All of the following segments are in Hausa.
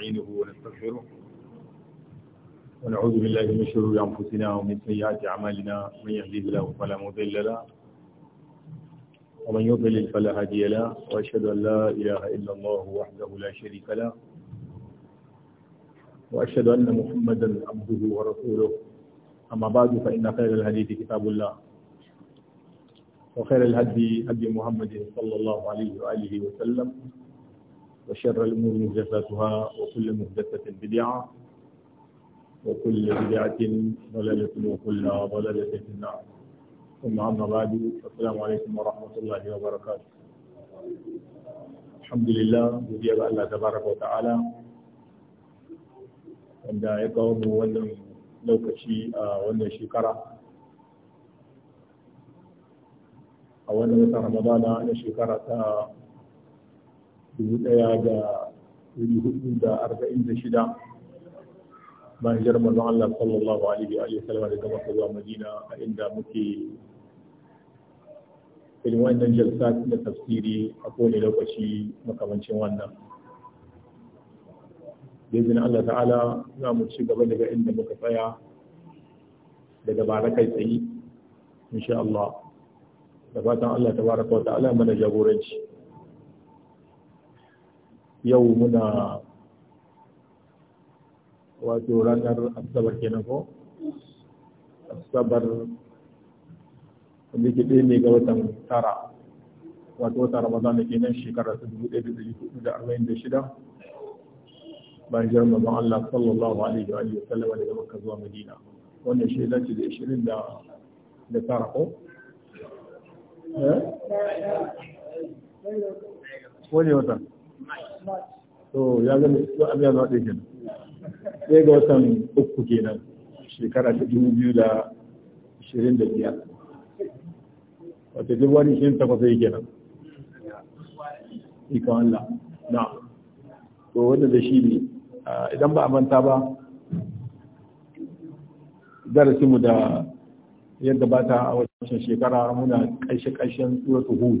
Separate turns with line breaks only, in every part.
نستعينه ونستغفره ونعوذ بالله من شرور أنفسنا ومن سيئات أعمالنا من يهديه الله فلا مضل له ومن يضلل فلا هادي له وأشهد أن لا إله إلا الله وحده لا شريك له وأشهد أن محمدا عبده ورسوله أما بعد فإن خير الحديث كتاب الله وخير الهدي هدي محمد صلى الله عليه وآله وسلم وشر الأمور محدثاتها وكل محدثة بدعة وكل بدعة ضلالة وكل ضلالة في النار ثم أما بعد السلام عليكم ورحمة الله وبركاته الحمد لله بدي الله تبارك وتعالى عند يقوم ولم mu wannan ولم شكرا أولا رمضان أنا شكرا dubu ɗaya da ɗari hudu da arba'in da shida bayan jarumar Allah sallallahu alaihi wa sallama daga Makka zuwa Madina a inda muke irin wannan jalsa da tafsiri a kowane lokaci makamancin wannan da Allah ta'ala za mu ci gaba daga inda muka tsaya daga bara kai tsaye insha da fatan Allah tabaraka wa ta'ala mana jagoranci yau muna wato ranar asabar kenan ko asabar wanda ke ɗaya ne ga watan tara wato wata ramadan da kenan shekara ta dubu ɗaya da ɗari hudu da arba'in da shida bayan jiran mamman Allah sallallahu alaihi wa sallama daga Makka zuwa Madina wannan shi dace da ishirin da da tara ko wani eh? wata to ya zama su an yana wadai kenan sai ga watan uku kenan shekara ta dubu biyu da ashirin da biyar wata duk wani shirin takwas yake nan ikon Allah na to wanda da shi ne idan ba a manta ba mu da yadda ba ta a wancan shekara muna ƙarshe-ƙarshen suratul hud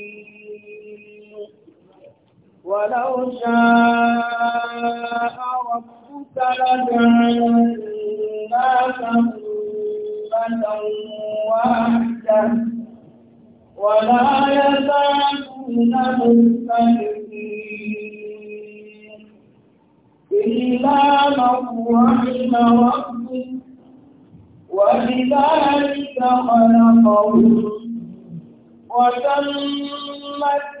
ولو شاء ربك لجعل الناس أمة واحدة ولا يزالون مختلفين إلا من رحم ربك ولذلك خلقهم وتمت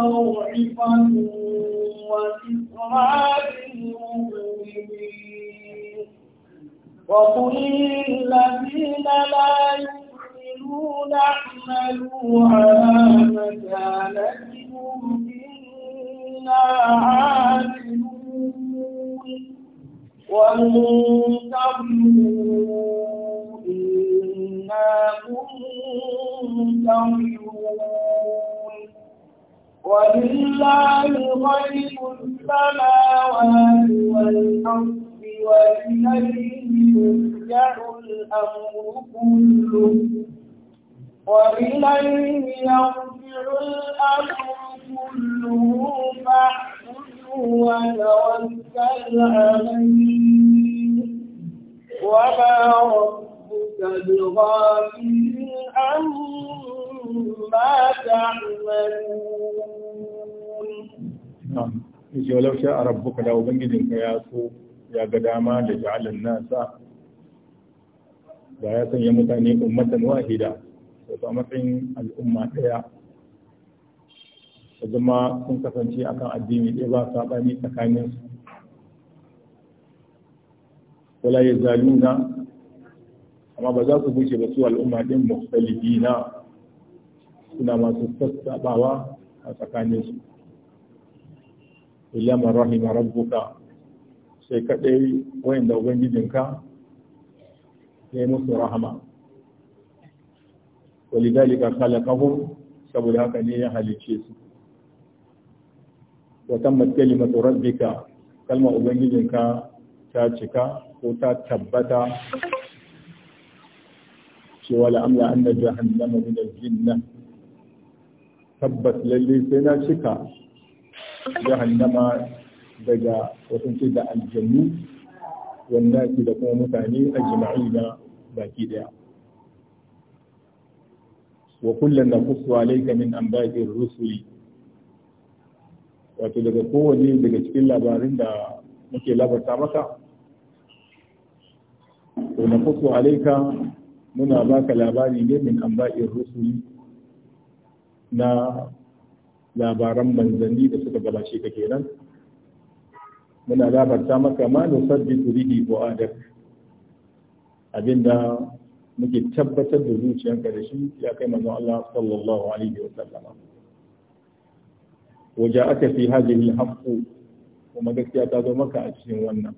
وموعظة وذكرى للمؤمنين وقل للذين لا يؤمنون اعملوا
da ya sanya mutane ummatan wahida wato a matsayin al'umma ɗaya da zama sun kasance akan addini ɗaya ba saɓani tsakaninsu wala ya zaluna amma ba za su bushe ba su al'umma ɗin mukhtalifina suna masu sassaɓawa a tsakaninsu illa man rahima rabbuka sai kaɗai wayanda ubangijinka ya yi musu rahama walidalika khalaqahum saboda haka ne ya halice su wa tammat kalimatu rabbika kalma ubangijinka ta cika ko ta tabbata cewa la'amla anna jahannama min al-jinna tabbat lalle sai na cika jahannama daga wasu da aljannu wanda da kuma mutane a jima'i na baki daya wa kullum da kusu min an rusuli wato daga kowane daga cikin labarin da muke labarta maka to na kusu alaika muna baka labari ne min an rusuli na labaran manzanni da suka gabace ka kenan muna labarta maka ma turidi ko fu'adak abinda muke tabbatar da zuciyarka da shi ya kai manzon Allah sallallahu alaihi wa sallam waje aka fi hajjin haƙƙo kuma gaskiya ta zo maka a cikin wannan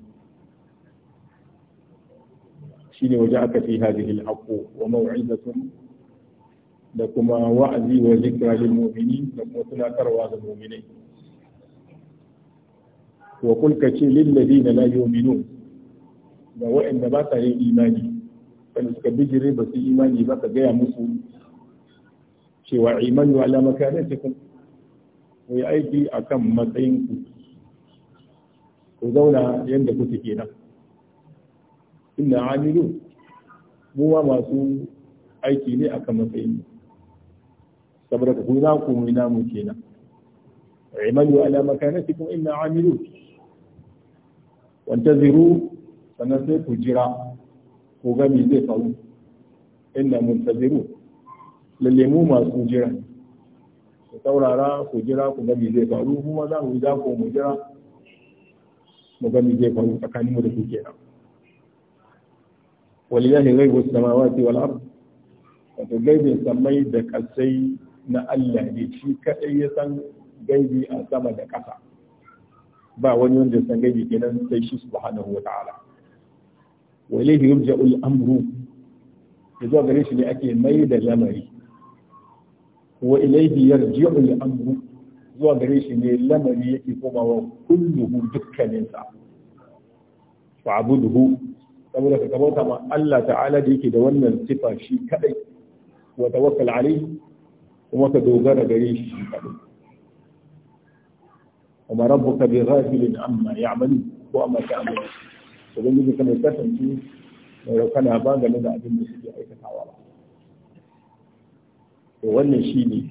shi ne waje aka fi hajjin haƙƙo wa mawa'izatun da kuma wa'azi wa zikra lil mu'minin da kuma tunatarwa ga mu'minai wa kul ka ce lillazina la yu'minun ga waɗanda ba sa yin imani kan suka bijire ba su imani ba ka gaya musu cewa alama ala makanatikum ku wai aiki akan matsayin ku ku zauna yadda kuke kenan inna amilu mu ma masu aiki ne akan matsayin mu saboda ku na ku mu na mu kenan imanu ala makanatikum inna amilu wanta ziru sannan sai ku jira ku ga zai faru inda mun muntaziru lalle mu masu jira ku taurara ku jira ku ga zai faru kuma za mu ja ku mu jira mu ga zai faru tsakanin mu da ku kenan walillahi ghaibu samawati wal ard wato gaibin samai da kasai na Allah ne shi kadai ya san gaibi a sama da ƙasa ba wani wanda ya san gaibi kenan sai shi subhanahu wata'ala wa ilayhi yurja'u al-amru zuwa gare shi ne ake mai da lamari wa ilayhi yarji'u al-amru zuwa gare shi ne lamari yake komawa kulluhu dukkanin sa fa'buduhu saboda ka kamata ma Allah ta'ala da yake da wannan sifa shi kadai wa tawakkal alayhi kuma ka dogara gare shi kadai wa rabbuka bi ghafilin amma ya'malu ko amma ta'malu to dan yake kana kasance mai kana ba game da abin da suke aikatawa ba to wannan shine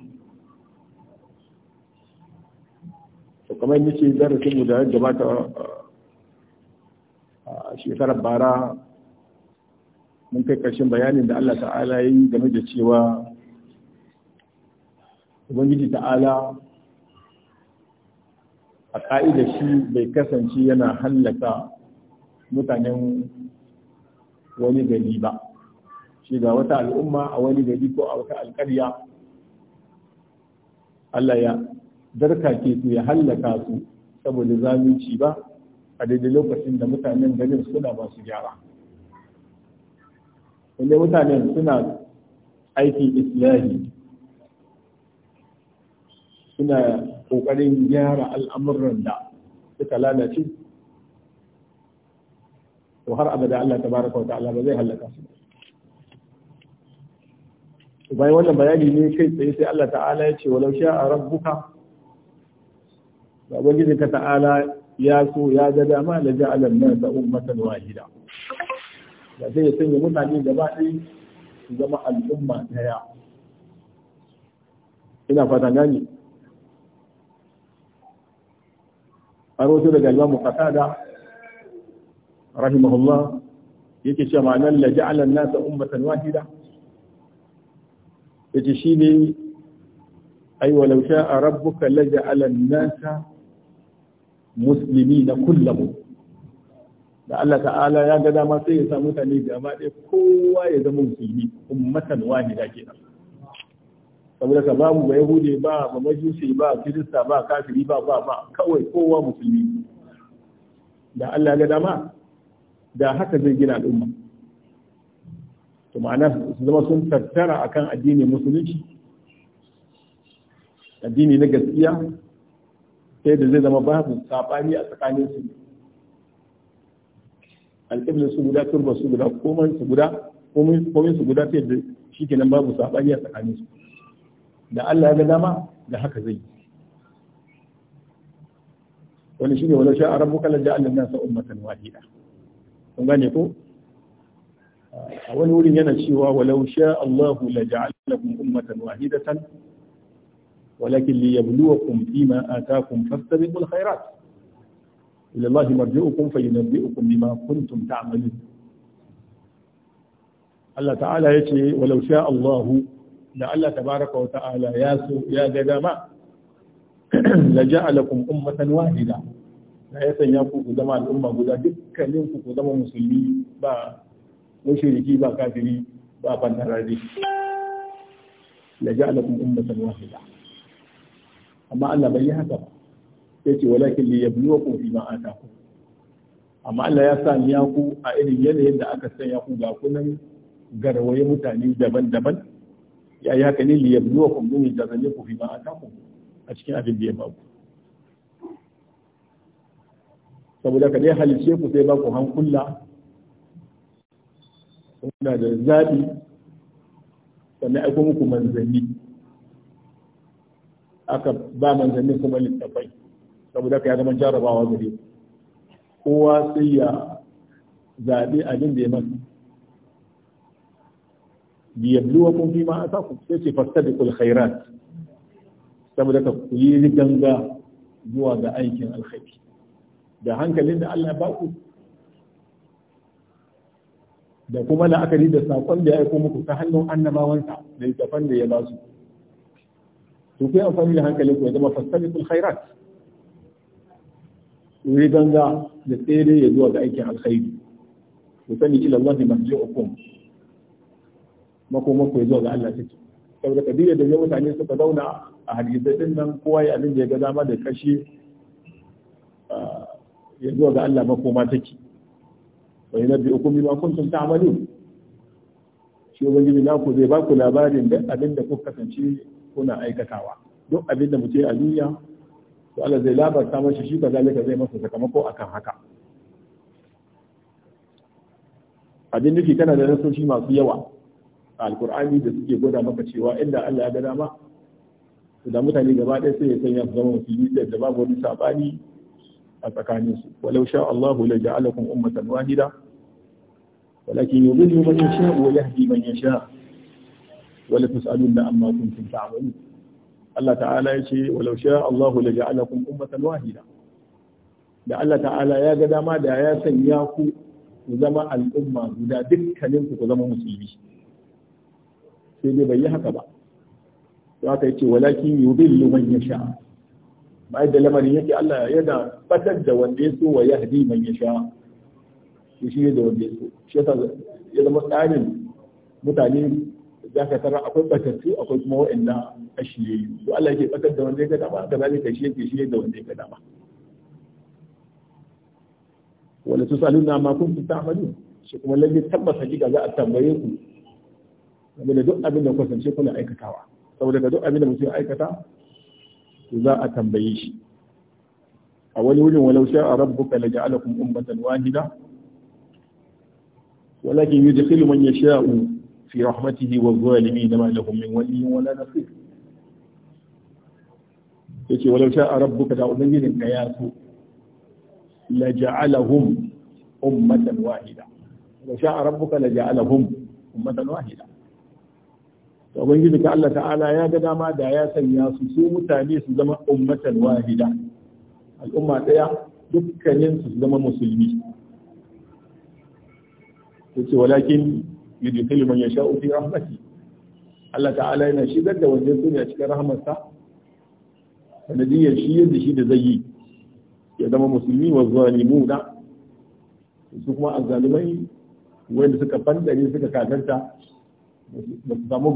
to kamar nace darasin mu da gabata a shekarar bara mun kai ƙarshen bayanin da Allah ta'ala ya yi game da cewa Ubangiji ta'ala ƙa'ida shi bai kasance yana hallaka mutanen wani gari ba shi ga wata al'umma a wani gari ko a wata alƙarya Allah ya ke su ya hallaka su saboda zalunci ba a daidai lokacin da mutanen garin suna ba su gyara inda mutanen suna aikin islahi suna kokarin gyara al'amuran da suka lalace to har abada Allah tabaraka wa ta'ala ba zai halaka su bayan wannan bayani ne kai tsaye sai Allah ta'ala ya ce walau sha a rabbuka ba ubangiji ka ta'ala ya so ya ga dama da ja'alan nan da ummatan wahida da sai ya sanya mutane gaba ɗaya su zama al'umma ɗaya ina fata gani a rawaito daga imamu qatada rahimahullah yake cewa ma'anar la ja'ala an-nasa ummatan wahida yace shine ai a sha'a rabbuka la ja'ala an musulmi na kullahum da Allah ta'ala ya ga dama sai ya sa mutane gaba ɗaya kowa ya zama musulmi ummatan wahida kenan saboda ka babu ba yahudi ba ba majusi ba kirista ba kafiri ba ba ba kawai kowa musulmi da Allah ga dama da haka zai gina al'umma to ma'ana su zama sun tattara akan addini musulunci addini na gaskiya sai da zai zama babu sabani a tsakanin su alƙibla su guda turba su guda komai su guda komai su guda sai da shikenan babu sabani a tsakanin su da Allah ya ga dama da haka zai wani shi ne shine wala sha rabbuka la ja'alna an-nasa ummatan wahida kun gane ko a wani wurin yana cewa walau sha Allahu la ja'alakum ummatan wahidatan walakin liyabluwakum fima ataakum fastabiqul khairat ila Allah marji'ukum fayunabbi'ukum bima kuntum ta'malun Allah ta'ala yace walau sha Allahu da Allah tabaraka wa ta'ala ya so ya ga dama la ja'alakum ummatan wahida da ya sanya ku ku zama al'umma guda dukkanin ku ku zama musulmi ba mushriki ba kafiri ba bandarari la ja'alakum ummatan wahida amma Allah bai yi haka ba yace walakin li yabluwakum fi ma atakum amma Allah ya sanya ku a irin yanayin da aka sanya ku ga kunan garwaye mutane daban-daban ya yi haka ne liyabluwakum min da fi ma atakum a cikin abin da ya ba ku saboda ka dai halice ku sai ba ku hankula kuna da zaɓi sannan aiko muku manzanni aka ba manzanni kuma littafai saboda ka ya zama jarabawa gare kowa sai ya zaɓi abin da ya masa liyabluwakum fi ma atakum sai ce fastabiqul khairat saboda ka yi ganga zuwa ga aikin alkhairi da hankalin da Allah ba ku da kuma la'akari da sakon da ya aiko muku ta hannun annabawansa da littafan da ya ba su to kai amfani da hankalin ku ya zama fastabiqul khairat yi ganga da tsere ya zuwa ga aikin alkhairi ku sani ila Allah marji'ukum makomar ya zuwa ga Allah take saboda kabila da yau mutane suka zauna a hadisai din nan kowa ya abin da ya ga dama da kashe ya zuwa ga Allah makoma take biyu kuma ma bima kuntum ta'malun shi na ku zai ba ku labarin da abin da kuka kasance kuna aikatawa duk abin da mutum a duniya to Allah zai labarta masa shi kazalika zai masa sakamako akan haka abin nufi kana da nasoshi masu yawa alkur'ani da suke gwada maka cewa inda Allah ya ga dama da mutane gaba ɗaya sai ya sanya su zama musulmi da babu wani sabani a tsakanin su walau sha Allahu la ja'alakum ummatan wahida walakin yudhillu man yasha wa yahdi man yasha wala tus'aluna amma kuntum ta'malun Allah ta'ala ya ce walau sha Allahu la ja'alakum ummatan wahida da Allah ta'ala ya ga dama da ya sanya ku ku zama al'umma guda dukkanin ku ku zama musulmi sai dai bai yi haka ba to aka yace walakin yudillu man yasha bai da lamarin yake Allah yana fatar da wanda yaso wa yahdi man yasha shi shi da wanda ya shi yasa ya zama tsarin mutane za ka tara akwai batattu akwai kuma wa'anda ashiye to Allah yake fatar da wanda da ba kaza ne zalika shi yake shi da wanda yake da ba wala tusaluna ma kuntum ta'malun shi kuma lalle tabbata kika za a tambaye ku game da duk abin da kwasance kuna aikatawa saboda duk abin da mutum aikata za a tambaye shi a wani wurin walau a sha'a rabbuka laja'alakum ummatan wahida ولكن يدخل من يشاء في رحمته والظالمين ما لهم من ولي ولا نصير yace walau sha rabbuka da ubangijin ka ya so la ja'alahum ummatan wahida walau sha rabbuka la ja'alahum ummatan wahida ubangiji ka Allah ta'ala ya ga dama da ya sanya su su mutane su zama ummatan wahida al'umma ɗaya dukkanin su zama musulmi yace walakin yudkhilu man yasha'u fi rahmatihi Allah ta'ala yana shigar da wanda su ne a cikin rahamarsa sanadiyar shi yadda shi da zai yi ya zama musulmi wa zalimuna su kuma azzalimai wanda suka fandare suka kakarta ba samu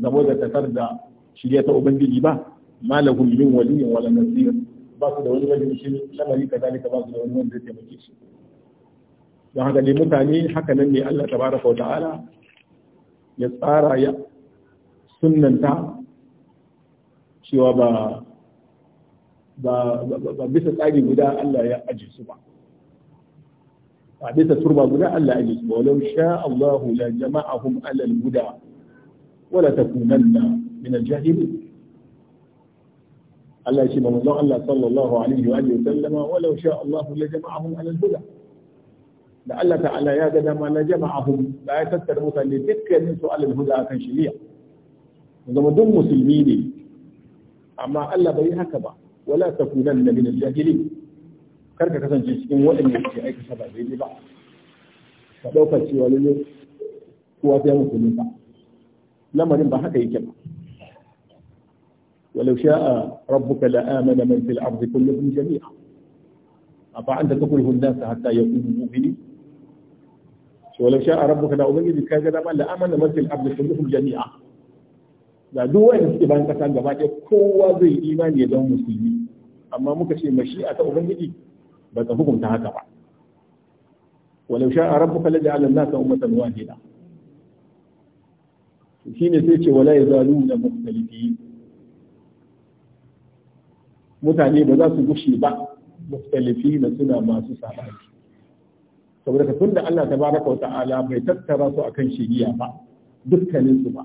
gamo da tafar da shirya ta ubangiji ba malahum min waliyin wala nasir ba su da wani wani shi lamari kazalika ba su da wani wanda zai taimake shi don haka ne mutane haka nan ne Allah tabaraka wa ta'ala ya tsara ya sunnanta cewa ba bisa tsari guda Allah ya aje su ba a bisa turba guda Allah ya yi walau sha Allah la jama'ahum alal huda wala takunanna min al-jahilin Allah ya ce ba manzon Allah sallallahu alaihi wa sallama walau sha Allah la jama'ahum alal huda da Allah ta'ala ya ga dama na jama'ahum da ya tattara mutane dukkanin su alal huda akan shari'a zama duk musulmi ne amma Allah bai haka ba wala takunan min al-jahilin kar ka kasance cikin waɗanda suke aikata ba daidai ba ka ɗaukar cewa lalle kowa ta yi musulun ba lamarin ba haka yake ba ولو شاء ربك لآمن من في الأرض كلهم جميعا أفأنت تكره الناس حتى يكونوا مؤمنين ولو شاء ربك لا أبين بك هذا ما لآمن من في الأرض كلهم جميعا da duk wanda suke bayan kasa gaba ɗaya kowa zai imani ya zama musulmi amma muka ce mashi'a ta ubangiji ba ta hukunta haka ba walau sha'a rabbuka da an-nasa ummatan wahida ne sai ce wala na mukhtalifin mutane ba za su gushi ba mukhtalifi na suna masu sabani saboda ka tunda Allah tabaraka wata'ala bai tattara su akan shiriya ba dukkanin su ba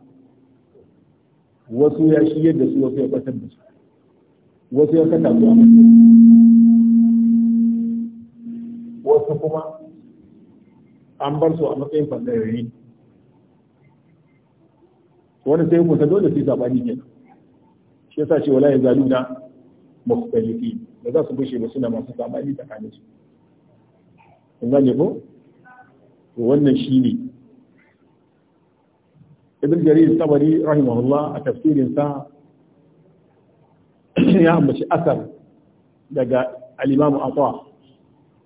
wasu ya shiyar da su wasu ya kwatar da su wasu ya saka su a wasu kuma an bar su a matsayin fadarari wani sai hukunta dole su yi sabani ne shi yasa ce wala masu mukhtalifi ba za su bushe ba suna masu sabani tsakanin su kun gane ko wannan shine ibn jarir tabari rahimahullah a tafsirin sa ya ambaci asar daga al-imam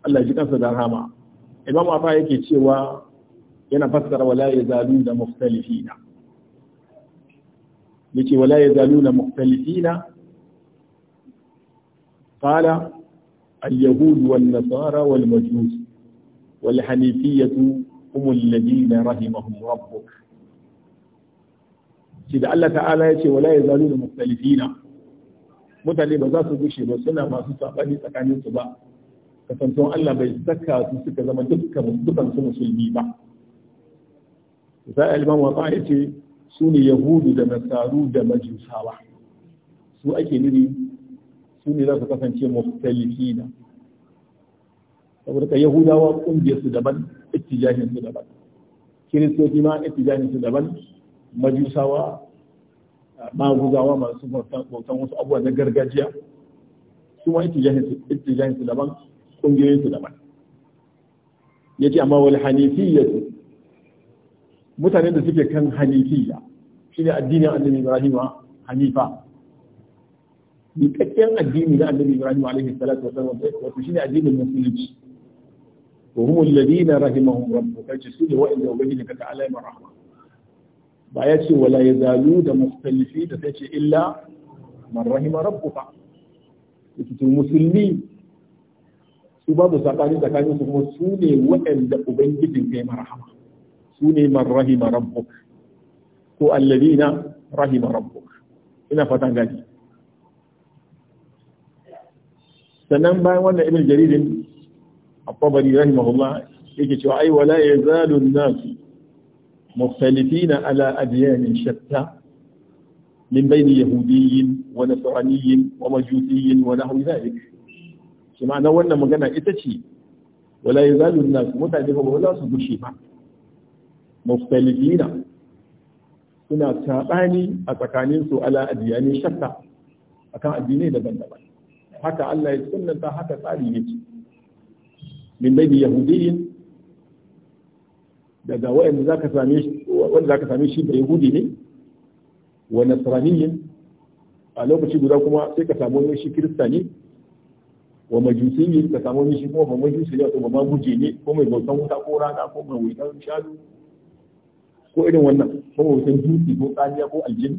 Allah ji kansa da rahama Imam Afa yake cewa yana fassara wala yazaluna mukhtalifina yace wala yazaluna mukhtalifina qala اليهود والنصارى والمجوس والحنيفية هم الذين رحمهم ربك shi da Allah ta'ala ya ce wala ya zalu da muktalifina mutane ba za su gushe ba suna masu sabani tsakanin su ba kasantuwan Allah bai saka su suka zama dukkan dukkan su musulmi ba sai al-imam wa ya ce su ne yahudu da nasaru da majusawa su ake nufi su ne za su kasance muftalifina saboda ka yahudawa kungiyar su daban ittijahin su daban kiristoci ma ittijahin su daban majusawa maguzawa masu bautan wasu abubuwa na gargajiya su ma ittijahin su daban kungiyoyin su daban ce amma wani wal hanifiyyatu mutanen da suke kan hanifiyya ne addinin annabi Ibrahim hanifa miƙaƙƙen addini na annabi Ibrahim alaihi salatu wa sallam wato ne addinin musulunci wa hum alladhina rahimahum rabbuka ce su ne wa'anda ubangiji ka ta'ala ya rahma ba ya ce wala yazalu da mustalifi da sai ce illa man rahima rabbuka yake musulmi ubabu babu sabani su kuma su ne waɗanda ubangijin kai marhama su ne man rahima rabbuk ko alladina rahima rabbuk ina fatan gani sannan bayan wannan ibn jaririn at-tabari rahimahullah yake cewa ai wala yazalu an-nas مختلفين على أديان شتى من بين يهودي ونصراني ومجوسي ونحو ذلك shi ma'ana wannan magana ita ce wala yi zalu su mutane ba wala su gushe ba muftalifina suna saɓani a tsakanin su ala adiyanin shakka akan addinai daban-daban haka Allah ya ta haka tsari ce min bai yahudiyin daga wanda za same shi wanda same shi da yahudi ne wa nasraniyin a lokaci guda kuma sai ka samu wani shi kirista ne wa majusi ne suka samu wani shi kuma ba majusi ne ba ma guje ne ko mai bautan wuta ko rana ko mai wutan shadu ko irin wannan ko mai wutan dutse ko tsaniya ko aljin.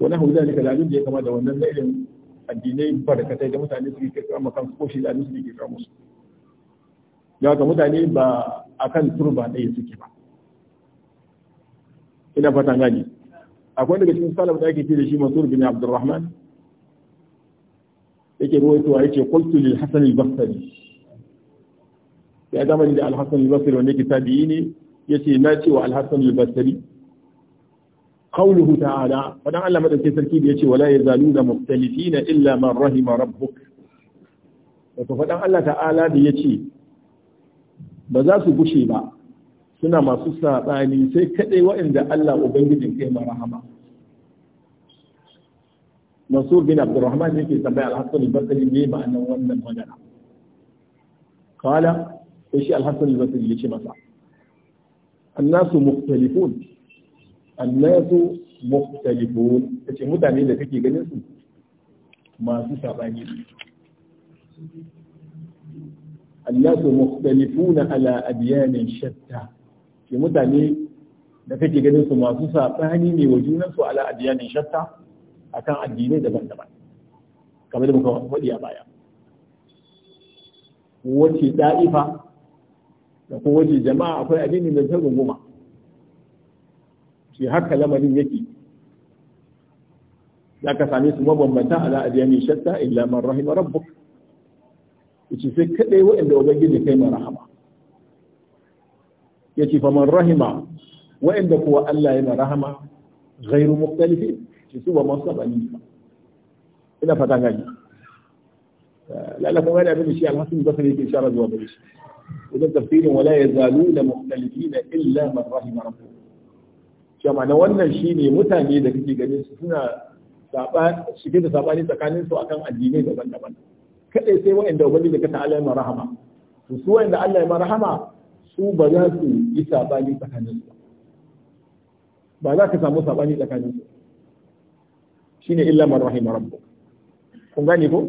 wani na zalika da abin da ya kama da wannan na irin addinai barkatai da mutane suke kai kama kan ko shi da suke kai kama su da mutane ba a kan turba ɗaya suke ba ina fata gani akwai daga cikin salaf da ake ce da shi mansur bin abdurrahman yake ruwaitowa yace qultu lil hasan al basri ya ni da al hasan al basri wanda yake tabi'i ne yace na ce wa al hasan al basri qawluhu ta'ala fadan Allah madaukakin sarki da yace wala yazaluna mukhtalifina illa man rahima rabbuk wato fadan Allah ta'ala da yace ba za su gushe ba suna masu saɓani sai kaɗai waɗanda Allah Ubangijin kai ma rahama. منصور بن عبد الرحمن في تبع الحسن البصري ليه مع انه ومن هنا قال ايش الحسن البصري ليش مصع الناس مختلفون الناس مختلفون ايش مدعني اللي فيكي قلت ما سوش عباني الناس مختلفون على أديان شتى يمدعني لفتي قدنسوا ما سوش عباني ني على أديان شتى akan addinai daban-daban kamar da muka faɗi a baya wace da'ifa da kuma wace jama'a akwai addini da ta runguma shi haka lamarin yake za ka same su mabambanta ala adiyani shatta illa man rahima rabbuk yace sai kadai waɗanda ubangiji kai mai rahama yace fa man rahima waɗanda kuwa Allah ya rahama ghairu mukhtalifin ce su ba ma saba ni ina fata gani eh, lalaka wani abin da shi alhassan basari yake shara zuwa gare shi wajen tafsirin wala ya zalu da na illa man rahima rabbuh shi na wannan shi ne mutane da kake ganin su suna saba shige da sabani tsakanin su akan addinai daban-daban kadai sai wa'anda ubangiji ka ta'ala ya marahama. to su wa'anda Allah ya rahama su ba za su yi sabani tsakanin su ba za ka samu sabani tsakanin su shine illa man rahima rabbuk kun gane ko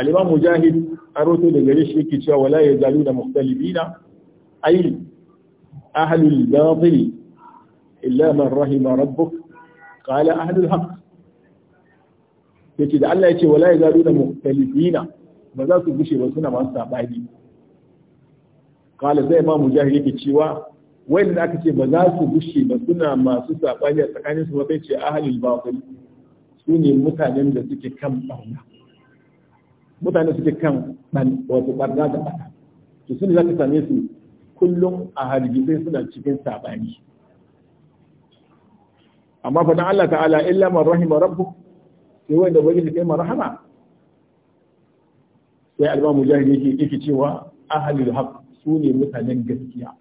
al-imam mujahid aroto da gare shi yake cewa wala yazalu da mukhtalifina ay ahlul batil illa man rahima rabbuk qala ahlul haqq yace da Allah yace wala yazalu da mukhtalifina ba za su gushe ba suna masu sabani qala sai imam mujahid yake cewa da aka ce ba za su gushe ba suna masu saɓani a tsakanin su mafai ce halin bakwai su ne mutanen da suke kan barna mutane suke kan wato ɓarna da ɓata su ne za ka same su kullum a hargitsai suna cikin saɓani amma fa fadan Allah ta'ala illa man rahima rabbu sai wanda wani da kai marhama sai alba mujahid yake yake cewa ahlul haqq su ne mutanen gaskiya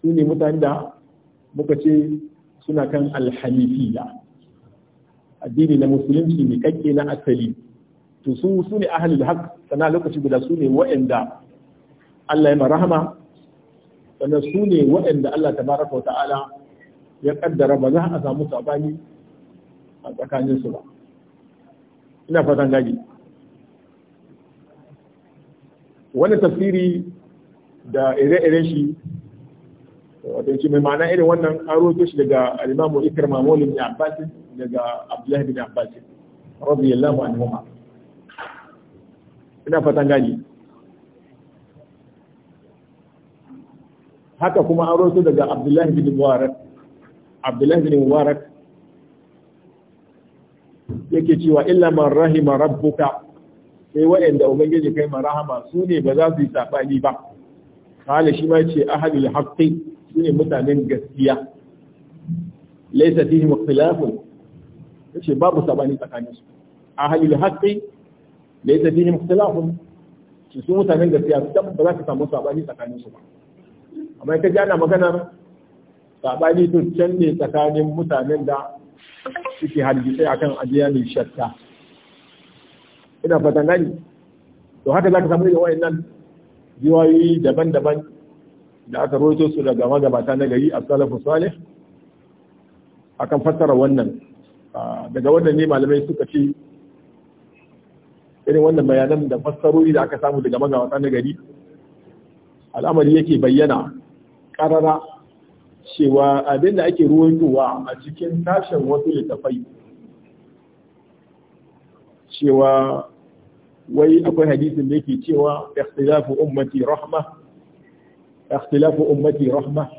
su ne mutane da muka ce suna kan alhanifiya addini na musulunci ne kakke na asali to su su ne ahalul haq sana lokaci guda su ne wa'anda Allah ya marhama sannan su ne wa'anda Allah tabaraka wa ta'ala ya kaddara ba za a samu sabani a tsakanin su ba ina fatan gaji wani tafsiri da ire-iren shi wato mai ma'ana irin wannan an roƙe shi daga al-Imam Ikrama Mawlid ibn Abbas daga Abdullah ibn Abbas radiyallahu anhuma ina fatan gani haka kuma an roƙo daga abdullahi bin Mubarak abdullahi bin Mubarak yake cewa illa man rahima rabbuka sai waɗanda ubangiji kai marahama su ne ba za su yi sabani ba kala shi ma ce ahadul haqqi su ne mutanen gaskiya laisa fihi ikhtilafun yace babu sabani tsakanin su ahlul haqqi laisa fihi ikhtilafun su su mutanen gaskiya ba za ka samu sabani tsakanin su ba amma ka ji ana maganar sabani to can ne tsakanin mutanen da suke sai akan ajiya mai shatta ina fatan gani to haka za ka samu da wayannan riwayoyi daban-daban da aka roto su daga magabata na gari a salafu salih akan fassara wannan ah, daga wannan ne malamai suka ce irin wannan bayanan da fassarori da aka samu daga magabata na gari al'amari yake bayyana karara cewa abin da ake ruwantowa a cikin tashin wasu littafai cewa wai akwai hadisin da yake cewa ikhtilafu ummati rahma ikhtilafu ummati rahma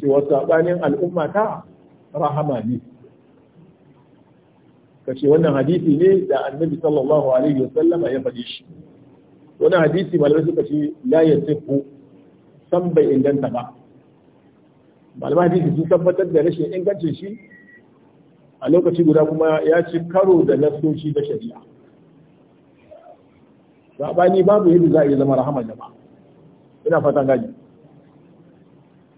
cewa sabanin al'ummata rahama ne kace wannan hadisi ne da annabi sallallahu alaihi wasallam ya faɗi shi wannan hadisi malamai suka ce la yasihu san bai inganta ba malamai hadisi sun tabbatar da rashin ingancin shi a lokaci guda kuma ya ci karo da nasoshi da shari'a sabani babu yadda za a yi zama rahama ba. ina fatan gaji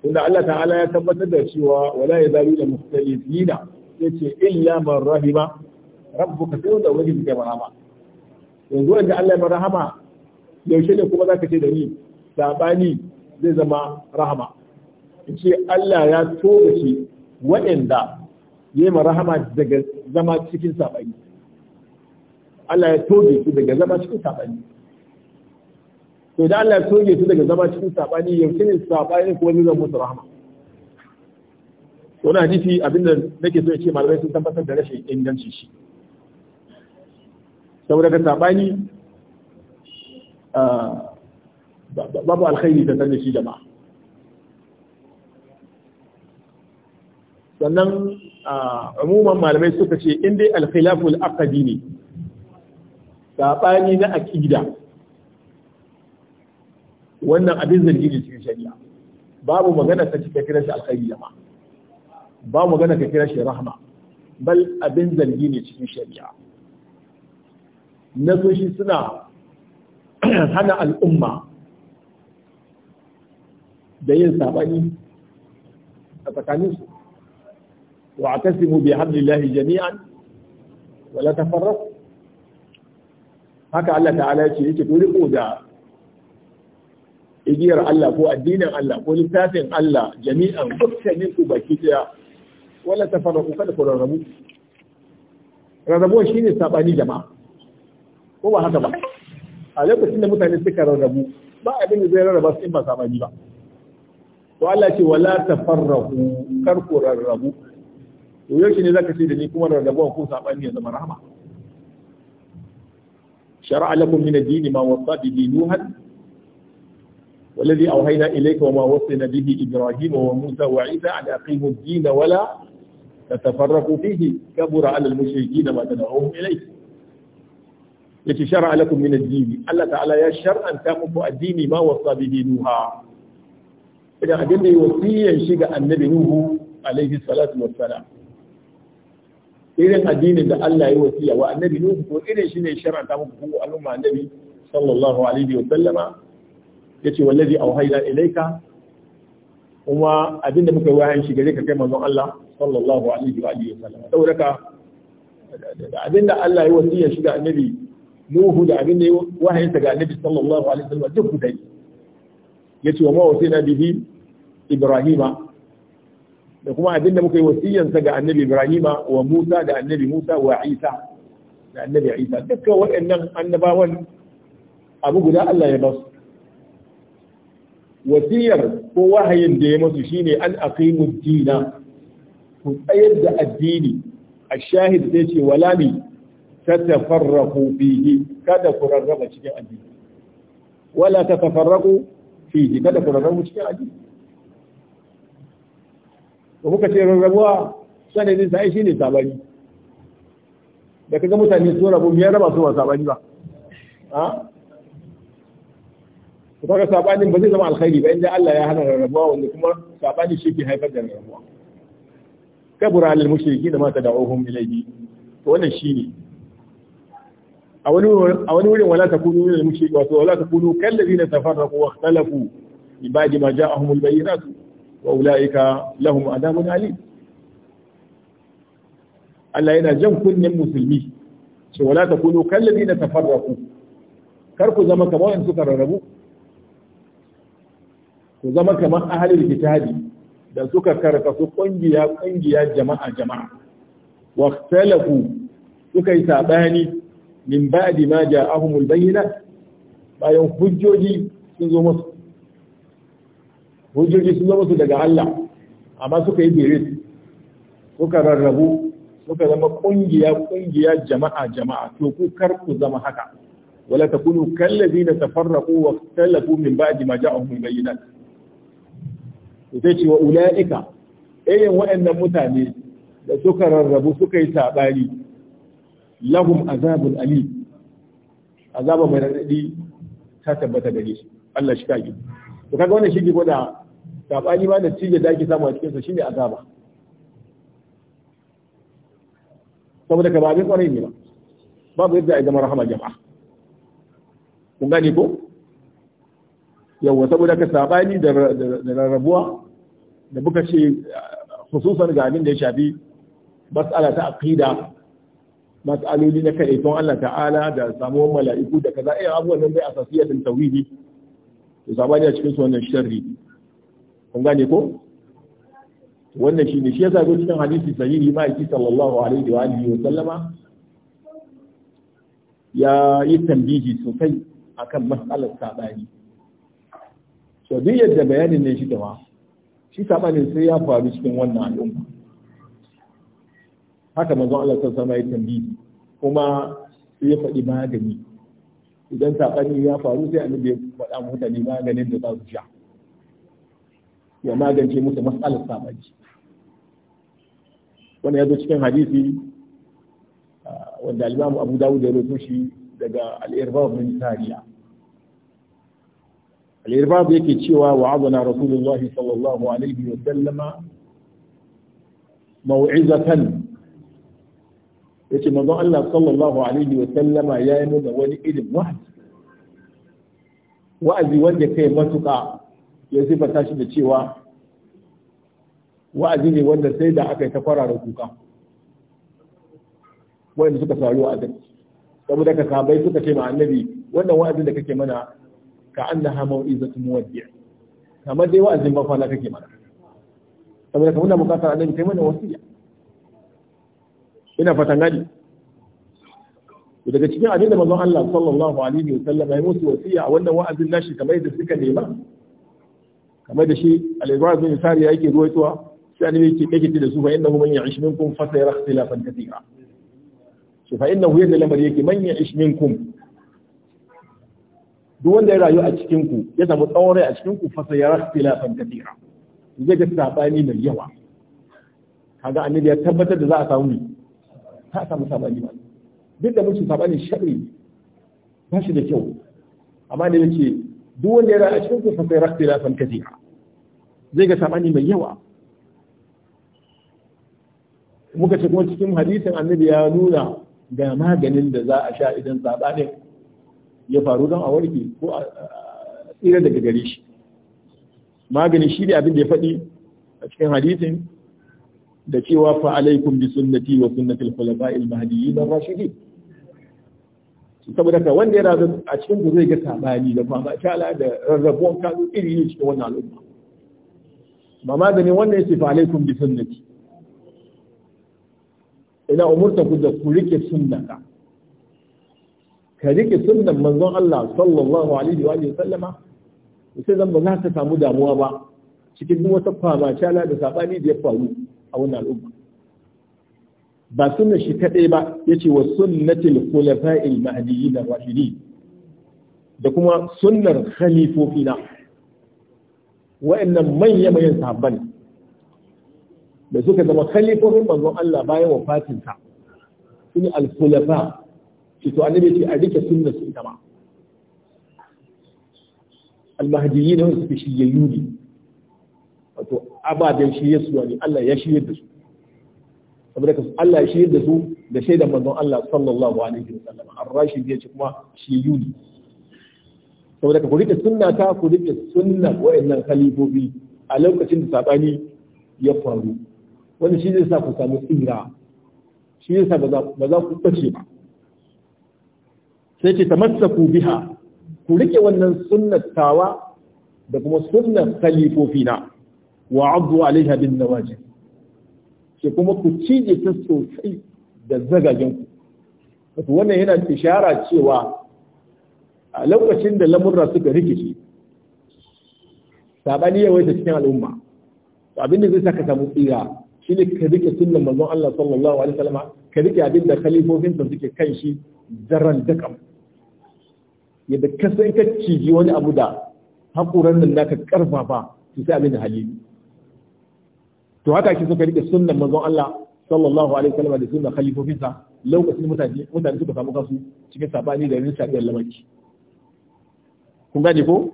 inda Allah ta'ala ya tabbatar da cewa wala yazalu da mukhtalifina yace illa man rahima rabbuka sai da wani da rahama yanzu wanda Allah ya rahama yaushe ne kuma zaka ce da ni sabani zai zama rahama ce Allah ya shi waɗanda ya yi rahama daga zama cikin sabani Allah ya tobe shi daga zama cikin sabani to idan Allah ya toge su daga zama cikin sabani yaushe ne sabani kuma zai zama musu rahama wani hadisi abinda nake so ya ce malamai sun tabbatar da rashin inganci shi saboda ga sabani ah, babu alkhairi da sanin shi jama'a sannan ah, umuman malamai suka ce in dai alkhilaful aqdi ne sabani na aqida wannan abin zargi ne cikin shari'a babu magana ta cika kira shi alkhairi jama babu magana ka kira shi rahma bal abin zargi ne cikin shari'a nasoshi suna hana al'umma da yin sabani a tsakaninsu wa atasimu bi hamdillahi jami'an wala tafarraqu haka Allah ta'ala ya ce yake to da igiyar Allah ko addinin Allah ko littafin Allah jami'an dukkanin ku baki daya wala tafarraqu kada ku rarrabu rarrabuwa shine sabani jama'a ko ba haka ba a lokacin da mutane suka rarrabu ba abin da zai rarraba su in ba sabani ba to Allah ce wala tafarraqu kar ku rarrabu to yake ne zaka ce da ni kuma rarrabuwa ko sabani ya zama rahama shar'a lakum min ad-din ma wasa bihi nuhan والذي أوحينا إليك وما وصينا به إبراهيم وموسى وعيسى أن أقيموا الدين ولا تتفرقوا فيه كبر على المشركين ما تدعوهم إليه التي شرع لكم من الدين الله تعالى يا شرع أن تقف الدين ما وصى به نوحا إذا أجل يوصي شيء النبي نوح عليه الصلاة والسلام اذا الدين da الله يوصي wasiya wa annabi Nuhu ko irin shine shar'anta muku al'umma annabi sallallahu yace wallazi auhayna ilaika kuma abinda muka yi wayan shi gare ka kai manzon Allah sallallahu alaihi wa alihi wasallam saboda ka abinda Allah ya wasiya shi ga annabi Nuhu da abinda ya wahayin ga annabi sallallahu alaihi wasallam duk guda yace wa ma wasina bibi Ibrahima da kuma abinda muka yi wasiyan ga annabi Ibrahima wa Musa da annabi Musa wa Isa da annabi Isa dukkan waɗannan annabawan abu guda Allah ya ba su wasiyar ko wahayin da ya masu shine an aqimu dina ku tsayar da addini shahid sai ce wala mi tatafarraqu bihi kada ku rarraba cikin addini wala tatafarraqu fihi kada ku rarraba cikin addini ko muka ce rarrabuwa sanadin sai shine sabani da kaga mutane su rabu me ya raba su ba sabani ba to kaga sabanin ba zai zama alkhairi ba inda Allah ya hana rarrabuwa wanda kuma sabani shi ke haifar da rarrabuwa kabura lil mushriki da mata da'uhum ilayhi to wannan shine a wani a wani wurin wala takunu lil mushriki wato wala takunu kal ladina tafarraqu wa ikhtalafu ibadi ma ja'ahum al bayyinat wa ulaika lahum adabun alim Allah yana jan kunnin musulmi ce wala takunu kal ladina tafarraqu kar ku zama kamar wanda suka rarrabu ku zama kamar ahalin kitabi da suka karkasu kungiya kungiya jama'a jama'a wa ikhtalafu suka yi sabani min ba'di ma ja'ahumul bayyina bayan hujjoji sun zo musu hujjoji sun zo musu daga Allah amma suka yi biris suka rarrabu suka zama kungiya kungiya jama'a jama'a to ku kar ku zama haka wala takunu kallazina tafarraqu wa ikhtalafu min ba'di ma ja'ahumul bayyinat zai ce wa ula'ika irin waɗannan mutane da suka rarrabu suka yi saɓani lahum azabun ali azaba mai raɗaɗi ta tabbata gare shi Allah shi kage to kaga wannan shi ke gwada saɓani ma da cije da ake samu a cikinsa shine azaba saboda ka ba abin kwarai ne ba babu yadda a zama rahama jama'a kun gane ko yawa saboda ka sabani da rarrabuwa da muka ce hususan ga abin da ya shafi mas'ala ta aqida mas'aloli na kaifin Allah ta'ala da samuwar mala'iku da kaza ai eh, abubuwan nan bai asasiyatin tauhidi to sabani a cikin wannan sharri kun gane ko wannan shi ne shi yasa cikin hadisi sahihi ma yake sallallahu alaihi wa alihi wa sallama ya yi tambiji sosai akan mas'alar sabani to duk yadda bayanin ne shi da ma shi sabanin sai ya faru cikin wannan al'umma haka manzon Allah sallallahu sama ya tambayi kuma sai ya faɗi magani idan sabani ya faru sai annabi ya faɗa mutane maganin da za su sha ya magance musu matsalar sabani wani ya zo cikin hadisi ah, wanda al-Imam Abu Dawud ya rawaito shi daga al irbab min Sariya al yake cewa wa'adana rasulullahi sallallahu alaihi wa sallama mau'izatan yace manzon Allah sallallahu alaihi wa sallama ya yi mana wani irin wa'azi wa'azi wanda kai matuka ya sifata tashi da cewa wa'azi ne wanda sai da aka yi ta farara kuka wanda suka a wa'azin saboda ka sabai suka ce ma annabi wannan wa'azi da kake mana ka'annaha mau'izatu muwaddi' kamar dai wa'azin ba kwana kake mana saboda kamar da bukatar annabi kai mana wasiya ina fatan gani daga cikin abin da manzon Allah sallallahu alaihi wa sallam ya musu wasiya a wannan wa'azin nashi kamar yadda suka nema kamar da shi al-Ibrahim bin Sari yake ruwaitowa sai annabi yake yake da su fa innahu man ya'ish minkum fa sayara ikhtilafan katira shi fa innahu yadda lamar yake man ya'ish minkum duk wanda ya rayu a cikin ku ya samu tsawon rai a cikin ku ya rasu ya rastilafan kathira zai ga sabani mai yawa kaga annabi ya tabbatar da za a samu ne ta samu sabani ba duk da mutum sabani sharri ba shi da kyau amma da yake duk wanda ya rayu a cikin ku ya sai lafan kafira zai ga sabani mai yawa muka ce kuma cikin hadisin annabi ya nuna ga maganin da za a sha idan sabanin ya faru don a warke ko a tsira daga gare shi magani shi ne abin da ya faɗi a cikin hadisin da cewa fa alaikum bi sunnati wa sunnati al-khulafa'il mahdiyyin ar-rashidin saboda ka wanda ya razu a cikin ku zai ga sabani da kuma Allah da rarrabuwan kanu iri ne cikin wannan al'umma ba maganin wanda ya ce fa alaikum bi sunnati ina umurta ku da ku rike sunnata ka rike sunan manzon Allah sallallahu alaihi wa sallama sai zan ba za ta samu damuwa ba cikin duk wata kwamacala da sabani da ya faru a wannan al'umma ba sunan shi kadai ba yace wa sunnatil khulafa'il mahdiyyin ar-rashidin da kuma sunnar khalifofina wa'annan manya manyan sahabban da suka zama khalifofin manzon Allah bayan wafatinsa sun al-khulafa shi to annabi ce a rike sunna su ita ma almahdiyi ne su ya yudi wato ababen shi yesu ne Allah ya shirya da su saboda ka Allah ya shirya da su da shaidan manzon Allah sallallahu alaihi wa sallam ar-rashid ya ce kuma ya yudi saboda ka ku rike sunna ta ku rike sunna wa'annan khalifofi a lokacin da sabani ya faru wanda shi zai sa ku samu tsira shi zai sa ba za ku bace ba sai ce tamassaku biha ku rike wannan sunnar tawa da kuma sunnar khalifofina wa abdu alaiha bin waje. sai kuma ku cije ta sosai da zagagen ku wannan yana ishara cewa a lokacin da lamurra suka rikici sabani yawai da cikin al'umma abin da zai saka samu tsira shi ne ka rike sunnan manzon Allah sallallahu alaihi wasallam ka rike abin da khalifofin sa suke kan shi daren dakam yadda ka san ka ciji wani abu da hakuran nan ka karfafa su sai abin da halili to haka ki ka rike sunnan manzon Allah sallallahu alaihi wasallam da sunnan khalifofin sa lokacin mutane mutane suka samu kansu cikin sabani da rin sabiyar lamaki kun gane ko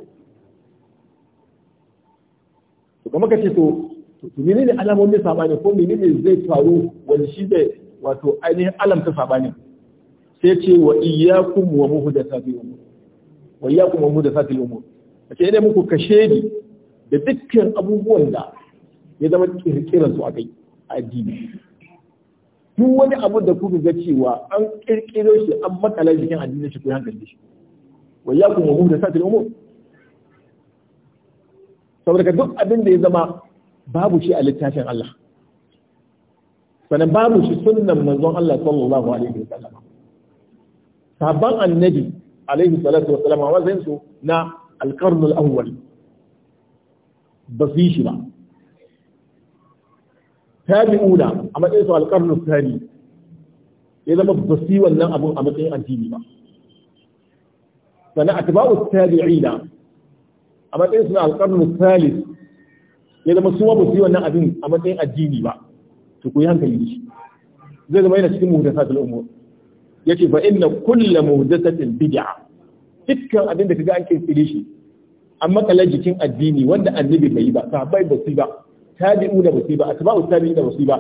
to kuma kace to to menene alamomin sabani ko menene zai faru wani shi zai wato ainihin alamta sabani sai ce wa iyyakum wa sati umur wa iyyakum wa muhdathatil umur sai ne muku kashe ni da dukkan abubuwan da ya zama kirkiran su a addini duk wani abu da kuka ga cewa an kirkiro shi an makala jikin addinin shi ko hankali shi wa iyyakum wa muhdathatil umur saboda duk abin da ya zama babu shi a littafin Allah sannan babu shi sunnan manzon Allah sallallahu alaihi wa sallam sabban annabi alaihi salatu wa sallam wazin su na alqarn al-awwal ba shi ba tabi'una a matsayin su alqarn al-thani ya zama ba wannan abun a matsayin addini ba sannan atba'u tabi'ina a matsayin na alqarn al-thalith ya zama su ba su yi wannan abin a matsayin addini ba to ku yi hankali shi zai zama yana cikin muhdasatul umur yace fa inna kullu muhdasatin bid'a dukkan abin da kaga an kirkire shi an makala jikin addini wanda annabi bai yi ba sahabbai ba su ba tabi'u da basu ba asba'u tabi'u da basu ba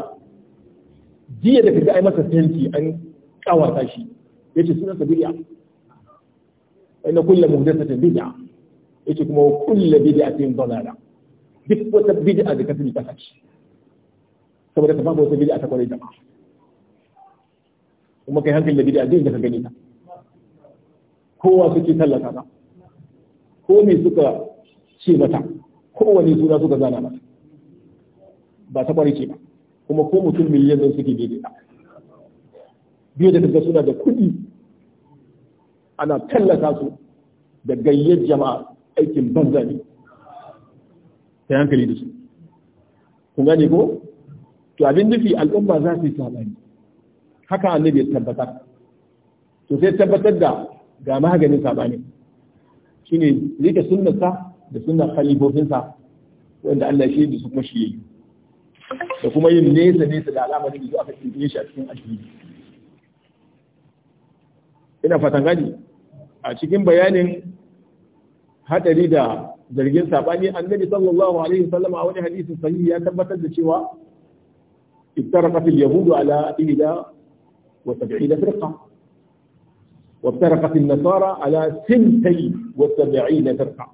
jiya da kaga ai masa tanki an kawata shi yace sunan sa bid'a inna kullu muhdasatin bid'a yace kuma kullu bid'atin dalalah duk wata bid'a da ka sani ta ce saboda ka babu wata bid'a ta kwarai da kuma kai hankali da bid'a din da ka gani ta kowa suke tallata ta ko me suka ce mata kowane suna suka zana mata ba ta kwarai ce ba kuma ko mutum miliyan zai suke daidai ta biyu da kaga suna da kuɗi ana tallata su da gayyar jama'a aikin banza ne ta hankali da su kun gane ko to abin nufi al'umma za su yi sabani haka annabi ya tabbatar to sai tabbatar da ga maganin sabani shine rike sunnarsa da sunnar khalifofinsa wanda Allah shi da su kuma shi yi da kuma yin nesa nesa da al'amarin da zuwa cikin shi a cikin addini ina fatan gani a cikin bayanin hadari da zargin sabani annabi sallallahu alaihi wasallam a wani hadisin sahihi ya tabbatar da cewa iftaraqat al ala wa firqa wa iftaraqat an-nasara ala sintay wa firqa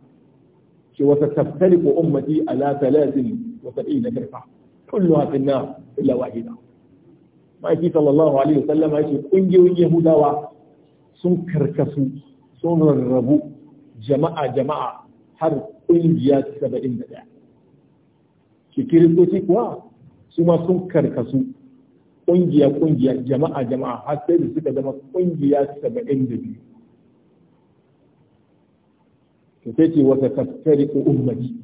shi wa taftaliqu ummati ala thalathin firqa kulluha fi an-nar illa wahida sallallahu alaihi wasallam ya kungiyoyin yahudawa sun karkasu sun rarrabu jama'a jama'a har ƙungiya saba'in da ɗaya ke kiristoci kuwa su ma sun karkasu ƙungiya ƙungiya jama'a jama'a har sai da suka zama ƙungiya saba'in da biyu to sai ce wata tattari ko ummaci.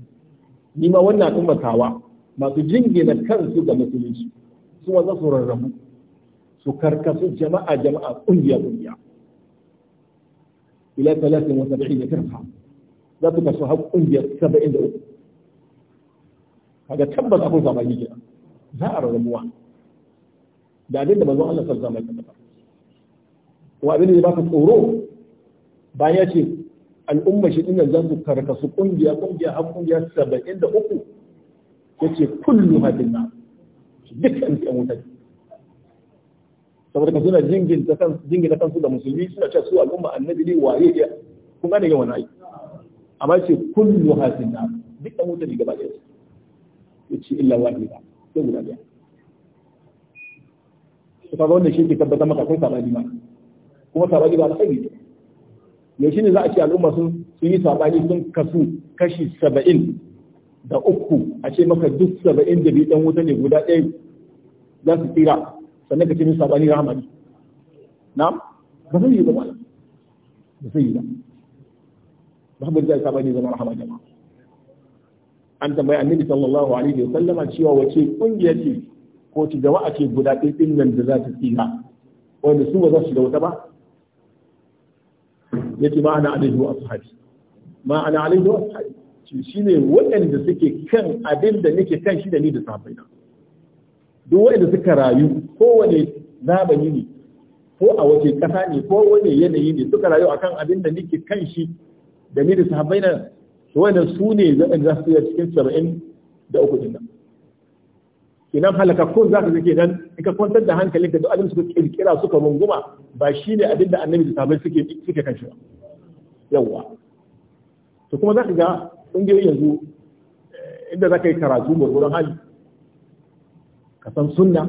ni ma wannan al'ummatawa masu jingina kansu ga musulunci su ma za su rarrabu su karkasu jama'a jama'a ƙungiya ƙungiya ila talatin wa saba'in da tarfa za su kasu har kungiyar saba'in da uku kaga tabbas akwai sabani kenan za a rarrabuwa da abin da manzon Allah sallallahu alaihi wasallam wa abin da ya baka tsoro ba ya ce al'ummar shi dinnan za su karkasu kungiya ƙungiya har kungiya saba'in da uku ya ce kullum hadin na dukkan su yan wuta saboda ka suna jingin ta kansu da musulmi suna cewa su al'umma annabi ne waye ya kuma ne yawan aiki amma ce kullu hasin na duk dan wuta ne gaba ɗaya ya ce illa wahida sai guda ɗaya to kaga wannan shi ke tabbatar maka kai sabani ma kuma sabani ba alkhairi ne yaushe ne za a ce al'umma sun sun yi sabani sun kasu kashi saba'in da uku a ce maka duk saba'in da biyu dan wuta ne guda ɗaya za su tsira sannan ka ce min sabani rahama ne na ba zai yi ba ba zai yi ba babu zai saba ne zama rahama jama'a an tambayi annabi sallallahu alaihi wa sallama cewa wace kungiya ce ko ci jama'a a ce guda ɗaya din nan da za ta tsira wanda su ba za su shiga wata ba yace ma ana alaihi wa ashabi ma ana alaihi wa ashabi shi shine waɗanda suke kan abin da nake kan shi da ni da sahabbai na duk waɗanda suka rayu kowane zabani ne ko a wace ƙasa ne ko wane yanayi ne suka rayu akan abin da nake kan shi da ni da sahabbai na wanda su ne zaɗin za su yi cikin saba'in da uku ɗin nan idan halaka ko za ka zake nan in ka kwantar da hankalin ka duk abin suka kirkira suka runguma ba shi ne abin da annabi da sahabbai suke suke kan shi ba yawwa to kuma za ka ga ƙungiyoyi yanzu eh, inda za ka yi karatu gwargwaron hali ka san sunna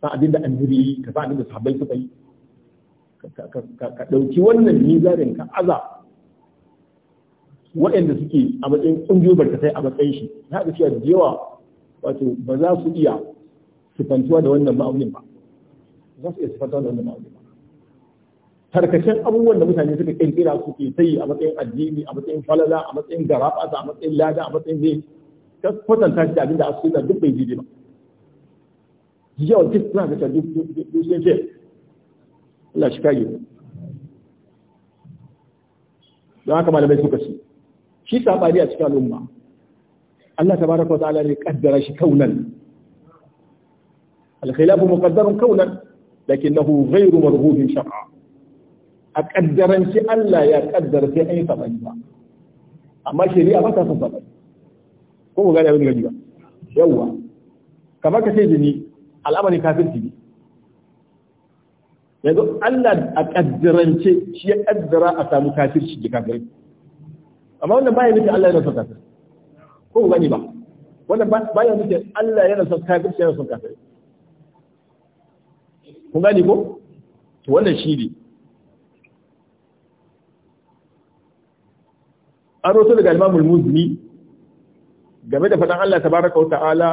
san abin da annabi yi ka san abin da sahabbai suka yi ka ɗauki wannan mizarin ka aza waɗanda suke a matsayin ƙungiyoyin barkatai a matsayin shi na ga cewa da yawa wato ba za su iya sifantuwa da wannan ma'aunin ba za su iya sifantuwa da wannan ma'aunin ba tarkacen abubuwan da mutane suka kirkira suke ta yi a matsayin addini a matsayin falala a matsayin garabasa a matsayin lada a matsayin zai ka kwatanta shi da abin da aka duk bai jide ba jiyawar duk suna da duk duk sun ce Allah shi kage don haka malamai suka ce shi sabani a cikin al'umma Allah ta wa ta'ala ne kaddara shi kaunan al-khilaf muqaddarun kaunan lakinnahu ghayru marhubin shafa. a kaddaran Allah ya kaddara sai an yi sabani ba amma shari'a ba ta son sabani ko ku gani abin gaji ba yawwa kamar ka ce jini al'amari kafirci ne yanzu Allah a kaddarance shi ya ƙaddara a samu shi da kafirai amma wannan baya nufin Allah yana son kafir ko ku gani ba wannan baya nufin Allah yana son kafir shi yana son kafir Ku gani ko to wannan shi ne an roto daga imamul muzni game da faɗan Allah tabaraka wa ta'ala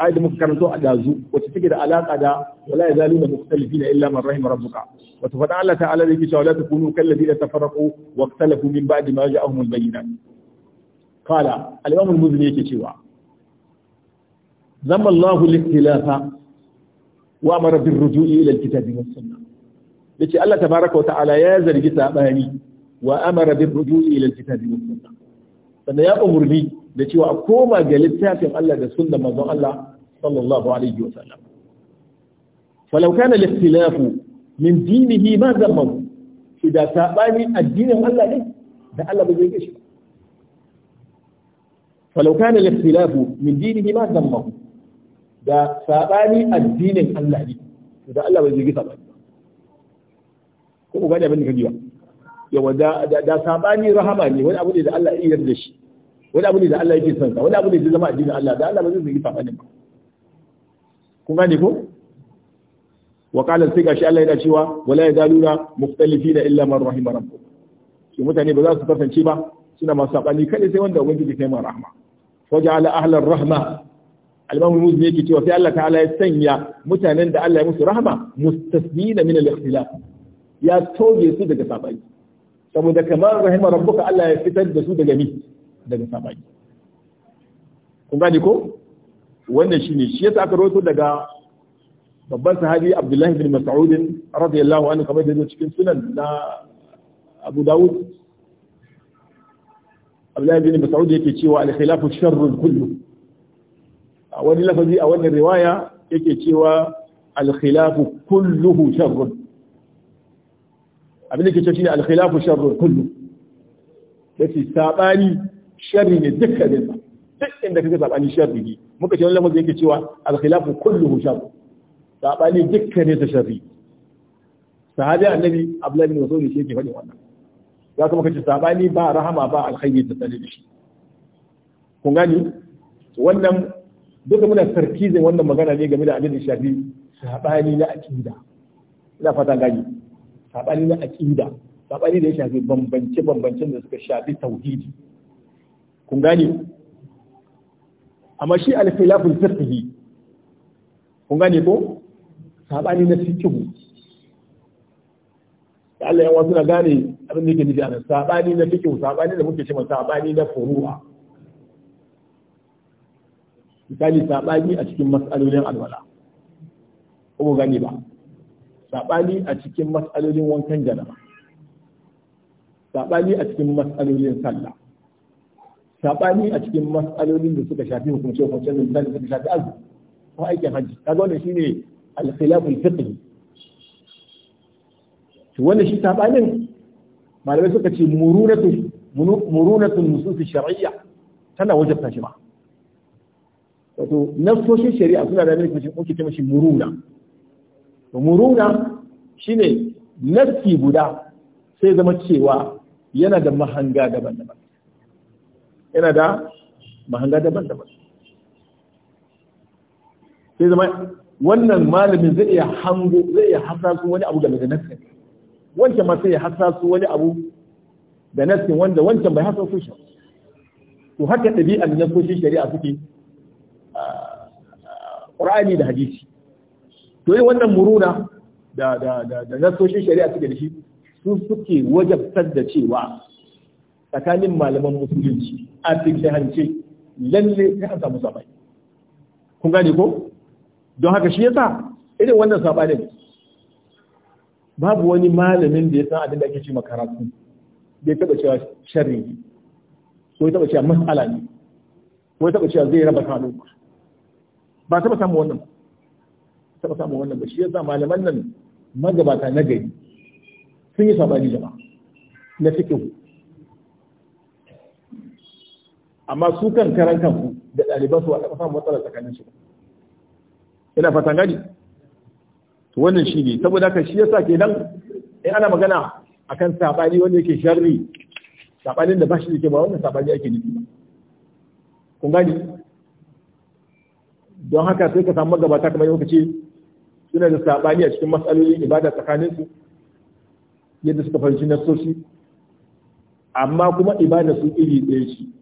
ayat da muka karanto a dazu wacce take da alaka da wala yazaluna mukhtalifina illa man rahima rabbuka wata faɗa Allah ta'ala da yake cewa la takunu kal ladina tafarraqu wa ikhtalafu min ba'di ma ja'ahumul bayyinat qala al-imam al-muzni yake cewa zamma Allahu al-ikhtilafa wa amara bir ruju'i ila al-kitabi was sunnah yace Allah tabaaraka wa ta'ala ya zargi sabani wa amara bir ruju'i ila al-kitabi was sunnah sannan ya umurni da cewa a koma ga littafin Allah da sunnar manzon Allah sallallahu alaihi wasallam falau kana al-ikhtilafu min ma zamman shi da sabani addinin Allah ne da Allah bai yi shi falau kana al-ikhtilafu min dinihi ma da sabani addinin Allah ne da Allah bai yi sabani ko uba da abin da kaji ba yawa da da rahama ne wani abu ne da Allah ya yarda da shi wani abu ne da Allah wani abu ne zama addinin Allah da Allah kun gane ko wa qala sai gashi Allah yana cewa wala yazaluna mukhtalifina illa man rahima rabbu shi mutane ba za su kasance ba suna masu sabani kai sai wanda ubangiji kai mai rahma waja'ala ahlar rahma al-imam al-muzni yake cewa sai Allah ta'ala ya sanya mutanen da Allah ya musu rahma mustasnina min al-ikhtilaf ya toge su daga sabani saboda kamar rahima rabbuka Allah ya fitar da su daga mi daga sabani kun gane ko wannan shine shi yasa aka rawaito daga babban sahabi Abdullahi bin Mas'ud radiyallahu anhu kamar da cikin sunan na Abu Dawud Abdullahi bin Mas'ud yake cewa al-khilafu sharrun kullu a wani lafazi a wannan riwaya yake cewa al-khilafu kulluhu sharrun abin da ke cewa shine al-khilafu sharrun kullu yace sabani sharri ne dukkanin sa duk inda kaga sabani sharri ne muka ce wani lamarin yake cewa alkhilafu kulluhu shar sabani dukkanin sa sharri sahabi annabi abdullahi bin mas'ud shi yake faɗin wannan za kuma ce sabani ba rahama ba alkhairi da tsare da shi kun gani wannan duka muna tarkizin wannan magana ne game da annabi da shafi sabani na aqida ina fata gani sabani na aqida sabani da ya shafi bambance bambancen da suka shafi tauhidi kun gani amma shi alkhilaful fiqhi kun gane ko sabani na fiqhu Ya Allah ya wasu na gane abin da yake nufi a sabani na fiqhu sabani da muke cewa sabani na furu'a misali sabani a cikin mas'alolin alwala ko gane ba sabani a cikin mas'alolin wankan janaba sabani a cikin mas'alolin sallah sabani a cikin mas'alolin da suka shafi hukunce hukuncen da misali suka shafi azu ko aikin hajji kaga wannan shine al-khilaf al-fiqhi to wannan shi sabanin malamai suka ce murunatu murunatu nusus shar'iyya tana wajen tashi ba. wato nasoshin shari'a suna da mulki cikin kuke shi muruna to muruna shine nasi guda sai zama cewa yana da mahanga daban-daban yana da mahanga daban-daban sai zama wannan malamin zai iya hango zai iya hasasu wani abu game da nassin wancan ma sai ya hasasu wani abu da nassin wanda wancan bai hasasu shi to haka ɗabi'an nassoshin shari'a suke ƙur'ani da hadisi to yi wannan muruna da da da da nassoshin shari'a suke da shi su suke wajabtar da cewa tsakanin malaman musulunci a fikihance lalle sai an samu sabani kun gane ko don haka shi yasa irin wannan ne babu wani malamin da ya san abin da ake ce karatu da ya taba cewa sharri ko ya taba cewa mas'ala ne ko ya taba cewa zai raba kano ba taba samu wannan taba samu wannan ba shi yasa malaman nan magabata na gari sun yi ne jama'a na fikihu amma su kan karan kanku da ɗaliban su a taɓa samun matsala tsakanin su ina fatan gani to wannan shi ne saboda haka shi yasa kenan in ana magana akan sabani wanda yake sharri sabanin da bashi yake ba wannan sabani ake nufi kun gani don haka sai ka samu magabata kamar yau ce suna da sabani a cikin matsalolin ibada tsakanin su yadda suka fahimci nasoshi amma kuma ibada su iri ɗaya shi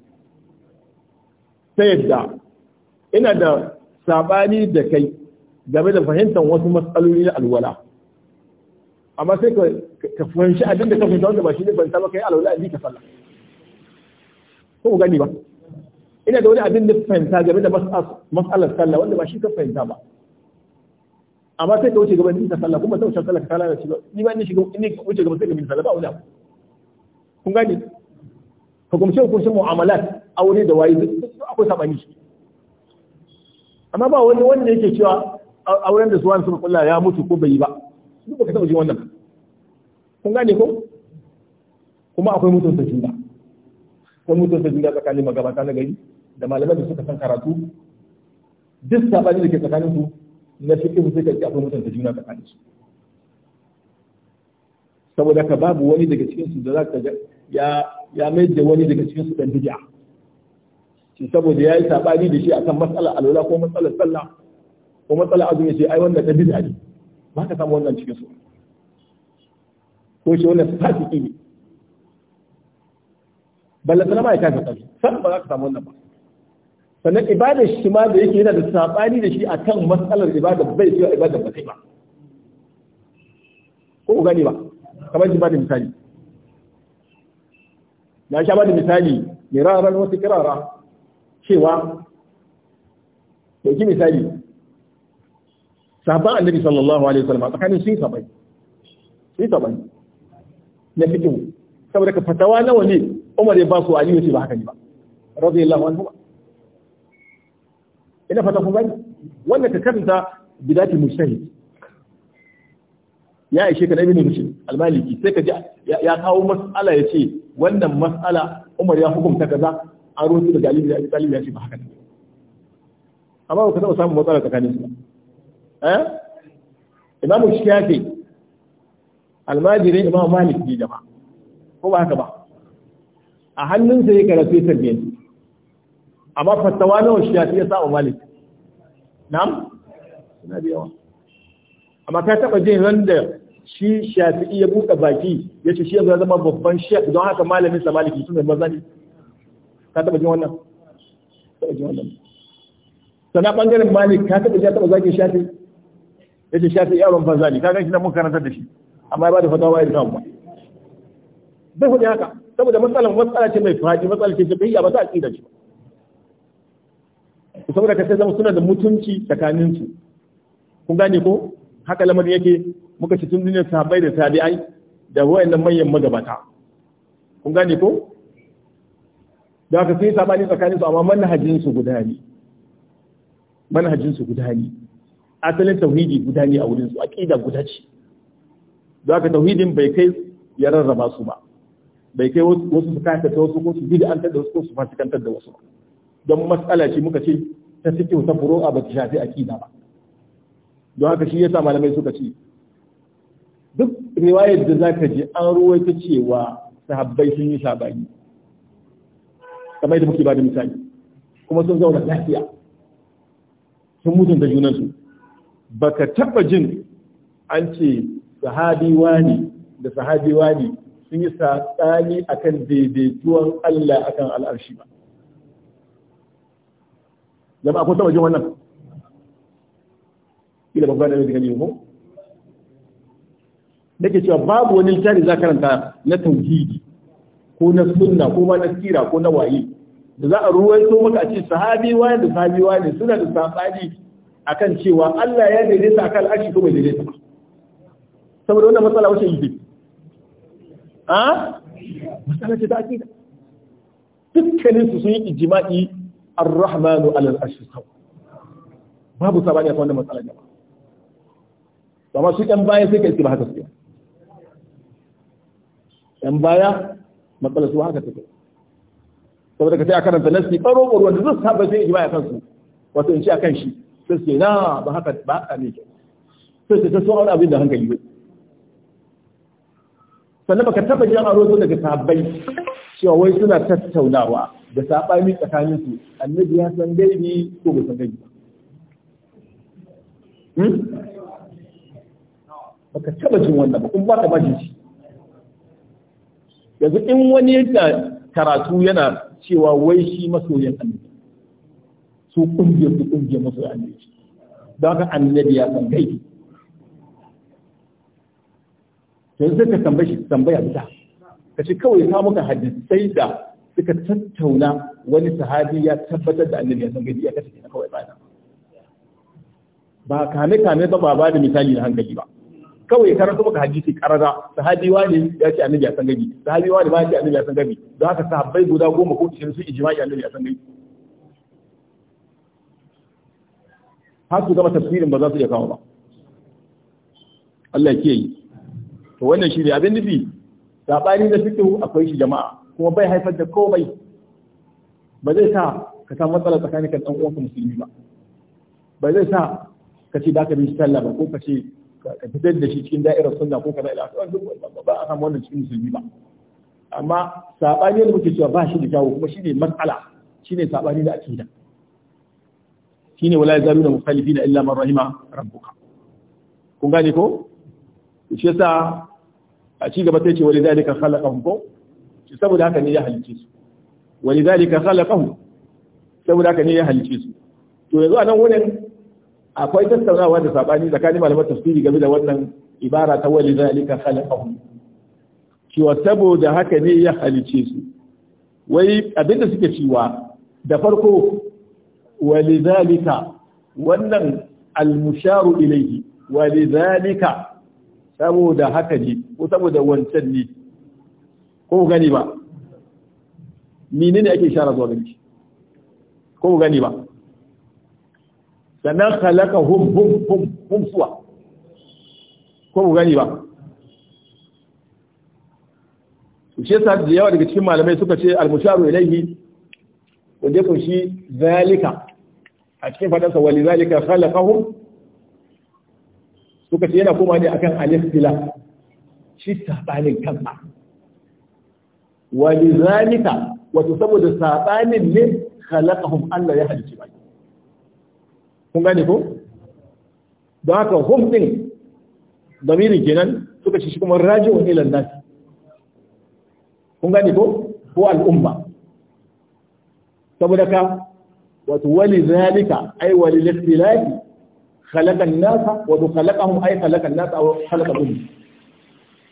ta yadda ina da sabani da kai game da fahimtar wasu matsaloli na alwala amma sai ka fahimci abin da ka fahimta wanda ba shi ne ban ba kai alwala in ka sallah ko gani ba ina da wani abin da fahimta game da mas'alar sallah wanda ba shi ka fahimta ba amma sai ka wuce gaba da sallah kuma sai ka sallah ka sallah da shi ba ni ba ni shiga ni wuce gaba sai ka sallah ba wala kun gani hukumce hukumce mu'amalat aure da wayi ko sabani amma ba wani wanda yake cewa auren da zuwan sun kulla ya mutu ko bai yi ba duk ka taba ji wannan kun gane ko kuma akwai mutunta juna akwai mutunta juna tsakanin magabata na gari da malaman da suka san karatu duk sabani da ke tsakanin su na su sai ka akwai mutunta juna tsakanin su saboda ka babu wani daga cikin su da za ka ya ya mai da wani daga cikin su dan bid'a shi saboda ya yi saɓani da shi akan matsalar alola ko matsalar sallah ko matsalar azumi ce ai wannan ta bid'a ne ba ka samu wannan cikin su ko shi wannan fasiki ne balla sana ma ya kafa kafi san ba za ka samu wannan ba sannan ibada shi ma da yake yana da saɓani da shi akan matsalar ibada bai cewa ibada ba sai ba ko ku gani ba kamar jima ba da misali na sha ba da misali miraran wasu kirara cewa ɗauki misali sahabban annabi sallallahu alaihi wasallam tsakanin sun sabai sun sabai na fitu saboda ka fatawa nawa ne Umar ya ba su Ali yace ba haka ne ba radiyallahu anhu ina fata kuma gani wannan ka karanta bidati mujtahid ya ishe ka na ibn muslim al sai ka ji ya kawo mas'ala yace wannan mas'ala Umar ya hukunta kaza an rubutu daga alibi da talibi ya ce ba haka ne amma ba ka taɓa samun matsala tsakanin su ba eh imamu shafi almajirin imamu malik ne jama'a ko ba haka ba a hannun hannunsa ya karatu ya tarbiyyar amma fatawa nawa shafi ya sa malik na'am Ina da yawa amma ka taba jin randa shi shafi'i ya buka baki ya ce shi yanzu ya zama babban shek don haka malamin sa maliki sunan maza ne ka taba jin wannan taba jin wannan sana bangaren malik ka taba ja taba zaki shafi yace shafi yaron fazali ka ganshi na mun karantar da shi amma ba da fatawa irin ba bai hudu haka saboda matsalar matsala ce mai faɗi matsala ce bai ya ba ta aqida ce saboda ka sai zama suna da mutunci tsakanin su kun gane ko haka lamarin yake muka ci tun duniyar sahabbai da tabi'ai da wayannan manyan magabata kun gane ko da haka sai sabani tsakaninsu amma manhajinsu guda ne manhajinsu guda ne asalin tauhidi guda ne a wurinsu aqida guda ce da haka tauhidin bai kai ya rarraba su ba bai kai wasu su ta wasu ko su bid'antar da wasu ko su fasikantar da wasu don matsala ce muka ce ta fiqh ta furu'a ba ta shafi aqida ba don haka shi yasa malamai suka ce duk riwayar da zaka ji an ruwaita cewa sahabbai sun yi sabani kamar yadda muke ba da misali kuma sun zauna lafiya sun mutunta junansu ba ka taɓa jin an ce sahabi wani da sahabi wani sun yi saɓani akan daidaituwan Allah akan al'arshi ba zama akwai taɓa jin wannan ila babban da gani ko nake cewa babu wani littafi za karanta na tauhidi ko na sunna ko ma na sira ko na waye da za a ruwaito maka a ce sahabi wa da sahabi ne, suna da sabani akan cewa Allah ya daidaita akan al'arshi ko bai daidaita ba saboda wannan matsala wace yi
a matsala ce ta akida
dukkanin su sun yi ijma'i ar-rahmanu alal arshi sawa babu sabani akan wannan matsala ba. amma su ƴan baya sai ka ba haka sai. Ƴan baya matsala su haka take saboda ka sai a karanta nasi baro baro wanda zai saba sai ijma baya kansu wato in ci akan shi sai ce na ba haka ba a ne ke sai ce ta so wani abin da hankali ne sannan baka taba jin aro su daga sabai cewa wai suna tattaunawa da sabani tsakanin su annabi ya san gaibi ko ba san gaibi baka hmm? taba jin wannan ba kuma ba ka ba jin shi yanzu in wani da karatu yana cewa wai shi masoyin annabi su kungiyar su kungiyar masoyin annabi don haka annabi ya san kai yanzu sai ka tambaye tambaya ta ka ce kawai ka muka hadisai da suka tattauna wani sahabi ya tabbatar da annabi ya san gaibi ya kace kawai ba ba kame kame ba ba da misali na hankali ba kawai karanta maka hadisi karaza sahabi wani ya ce annabi ya san gabi sahabi wani ba ya ce annabi ya san gabi don haka sahabbai guda goma ko ishirin su ijma'i annabi ya san gabi har su gama tafsirin ba za su iya kawo ba Allah ke yi to wannan shi ne abin nufi sabani da fito akwai shi jama'a kuma bai haifar da komai ba zai sa ka samu matsala tsakanin kan dan uwanka musulmi ba ba zai sa ka ce da ka bi sallah ba ko ka ce ka fitar da shi cikin da'irar sunna ko kaza ila ba a samu wannan cikin musulmi ba amma sabani da muke cewa ba shi da kyawu kuma shi ne matsala Shi ne sabani da akida ne wala mukhalifi da illa man rahima rabbuka kun gane ko shi yasa a ci gaba sai ce wali zalika khalaqahum ko shi saboda haka ne ya halice su wali zalika khalaqahum saboda haka ne ya halice su to yanzu anan wannan akwai tattaunawa da sabani tsakanin malamar tafsiri game da wannan ibara ta wali zalika khalaqahum cewa saboda haka ne ya halice su wai abinda suke cewa da farko wali zalika wannan almusharu ilayhi wali zalika saboda haka ne ko saboda wancan ne ko gani ba menene ake ishara zuwa gani ko gani ba sannan halaka hum hum hum hum suwa ko mu gani ba shi yasa da yawa daga cikin malamai suka ce al-musharu ilayhi wanda kun shi zalika a cikin fadan sa wali zalika khalaqahum suka ce yana koma ne akan al-ikhtilaf shi tabanin kansa wali zalika wato saboda sabanin ne khalaqahum Allah ya halice bai kun gane ko don haka hum din damirin kenan suka ci shi kuma raji'un ila nas kun gane ko ko al'umma saboda ka wato wali zalika ai wali likhtilafi khalaqa an-nas wa khalaqahum ay khalaqa an aw khalaqa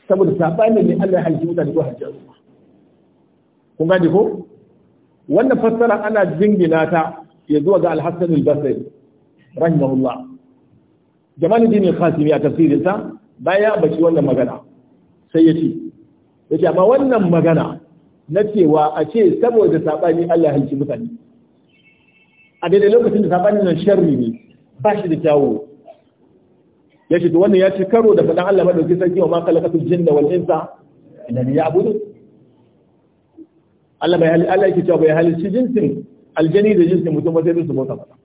saboda sabani ne Allah ya halitta mutane ko halitta al'umma kun gane ko wannan fassara ana jingina ta ya zuwa ga al-Hasan al-Basri rahimahullah jamaluddin al-qasimi a tafsirinsa baya bashi wannan magana sai ya ce yace amma wannan magana na cewa a ce saboda sabani Allah ya halci mutane a daidai lokacin da sabani nan sharri ne ba shi da kyawu ya ce to wannan ya ce karo da faɗan Allah madauki sarki wa ma khalaqatul jinna wal insa illa liya'budun Allah bai Allah yake cewa bai halin jinsin aljani da jinsin mutum ba sai su bauta masa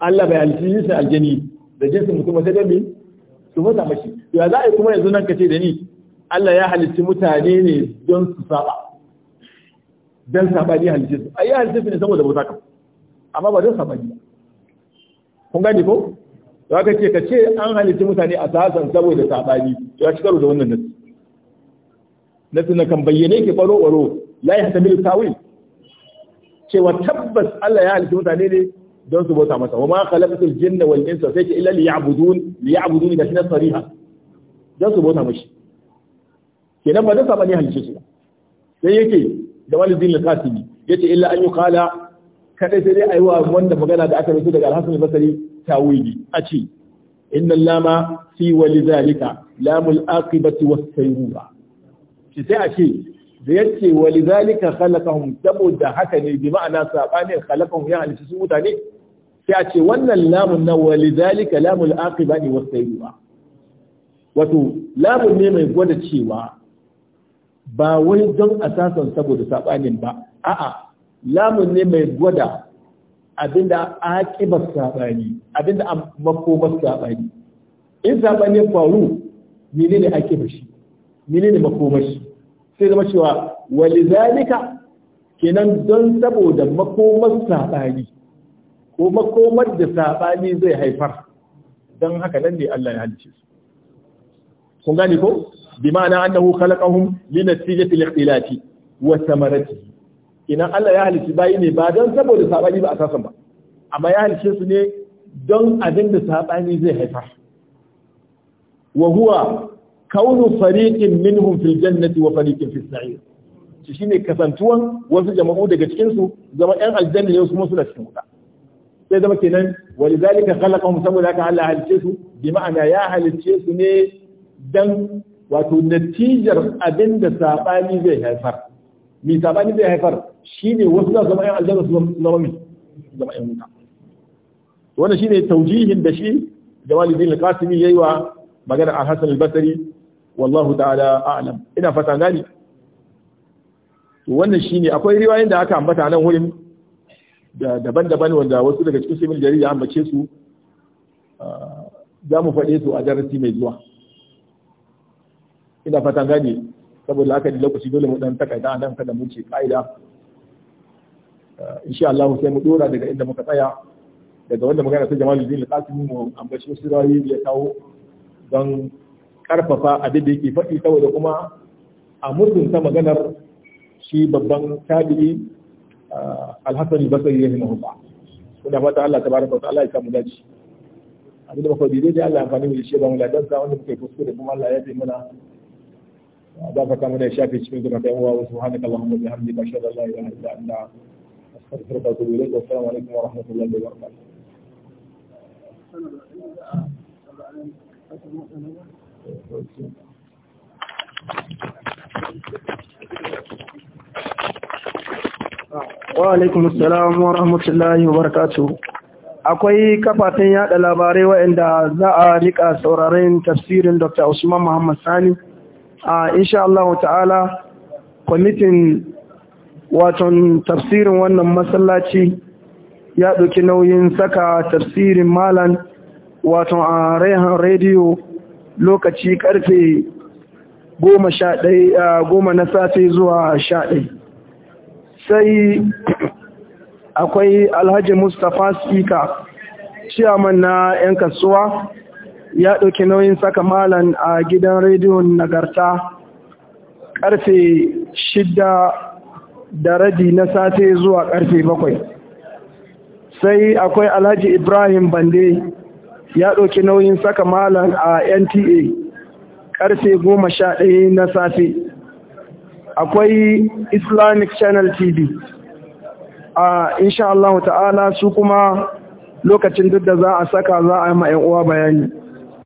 Allah bai halitta sun aljani da jinsin mutum wata dai su mata mashi to ya za a yi kuma yanzu nan kace da ni Allah ya halitta mutane ne don su saba don saba ne halitta su ai halitta ne saboda bauta kan amma ba don saba ne kun gani ko to aka ce ka ce an halitta mutane a sasan saboda sabani to ya ci karo da wannan nasu nasu na kan bayyane ke baro baro la yahtamilu tawil cewa tabbas Allah ya halitta mutane ne don su bauta masa wa ma khalaqatul jinna wal insa sai ce illa liya'budun liya'budun da shi na sariha don su bauta mashi kenan ba da saba ne halice shi sai yake da walidin al-qasimi yace illa an yuqala kada sai dai aiwa wanda magana da aka rubuta daga al-hasan al-basri tawili a ce inna lama fi walidhalika lamul aqibati was-sayyura shi sai a ce da yace walidhalika khalaqahum saboda haka ne bi ma'ana sabanin khalaqahum ya halice su mutane sai a ce wannan lamun na walidhalika lamul yi wasayyi'a wato lamun ne mai gwada cewa ba wai don asasan saboda saɓanin ba a'a lamun ne mai gwada abinda ba saɓani abinda ba saɓani. in sabani faru ne menene ba shi ne mako ba shi sai zama cewa zalika kenan don saboda mako ba saɓani. ko makomar da saɓani zai haifar don haka nan ne Allah ya halice su kun gane ko bi ma'ana annahu khalaqahum li natijati al wata wa samarati ina Allah ya halice bayi ne ba don saboda saɓani ba a ba amma ya halice su ne don abin da sabani zai haifar wa huwa kaunu fariqin minhum fil jannati wa fariqin fis sa'ir shi ne kasantuwan wasu jama'u daga cikinsu zama 'yan aljanna ne wasu kuma suna cikin wuta sai zama kenan wani zalika khalaqahum saboda haka Allah halicce su bi ma'ana ya halicce su ne dan wato natijar abin da sabani zai haifar mi sabani zai haifar shine wasu za su zama yan aljanna su zama mi zama yan wuta wannan shine taujihin da shi da walidin al-qasimi yayi wa magana al-Hasan al-Basri wallahu ta'ala a'lam ina fata gani wannan shine akwai riwayoyin da aka ambata nan wurin daban-daban wanda wasu daga cikin simin jarida ya ambace su za mu faɗe su a darasi mai zuwa ina fatan gani saboda haka da lokaci dole mu dan takaita nan kada mu ce kaida insha Allah sai mu dora daga inda muka tsaya daga wanda magana ta Jamaluddin Al-Qasimi mu ambaci wasu rayi ya kawo don karfafa abin da yake faɗi saboda kuma a mutunta maganar shi babban tabi'i alhassan basari ya himahu ba kuna fata Allah ta baraka ta Allah ya samu dace da baka daidai Allah amfani shi ba mu ladan sa wanda muka kuskure kuma Allah ya taimaka mana da ka da shafi cikin zuwa ta yawa wasu hannun Allah mu bi hamdi ba sha Allah ya hada Allah alaikum wa rahmatullahi wa
Thank you.
wa alaikum salam wa rahmatullahi wa barakatu. akwai kafafen yada labarai waɗanda za a rika sauraren tafsirin Dr. Usman Muhammad Sani a insha Allah ta'ala kwamitin waton tafsirin wannan masallaci ya ɗauki nauyin saka tafsirin malan waton a raihan rediyo lokaci karfe goma na safe zuwa sha ɗai sai akwai alhaji mustapha speaker ciyaman na 'yan kasuwa ya ɗauki nauyin saka malan a gidan rediyon nagarta ƙarfe shida da radi na safe zuwa ƙarfe bakwai sai akwai alhaji ibrahim bande ya ɗauki nauyin saka malan a nta ƙarfe goma sha ɗaya na safe akwai islamic channel tv a insha ta'ala su kuma lokacin duk da za a saka za a yi uwa bayani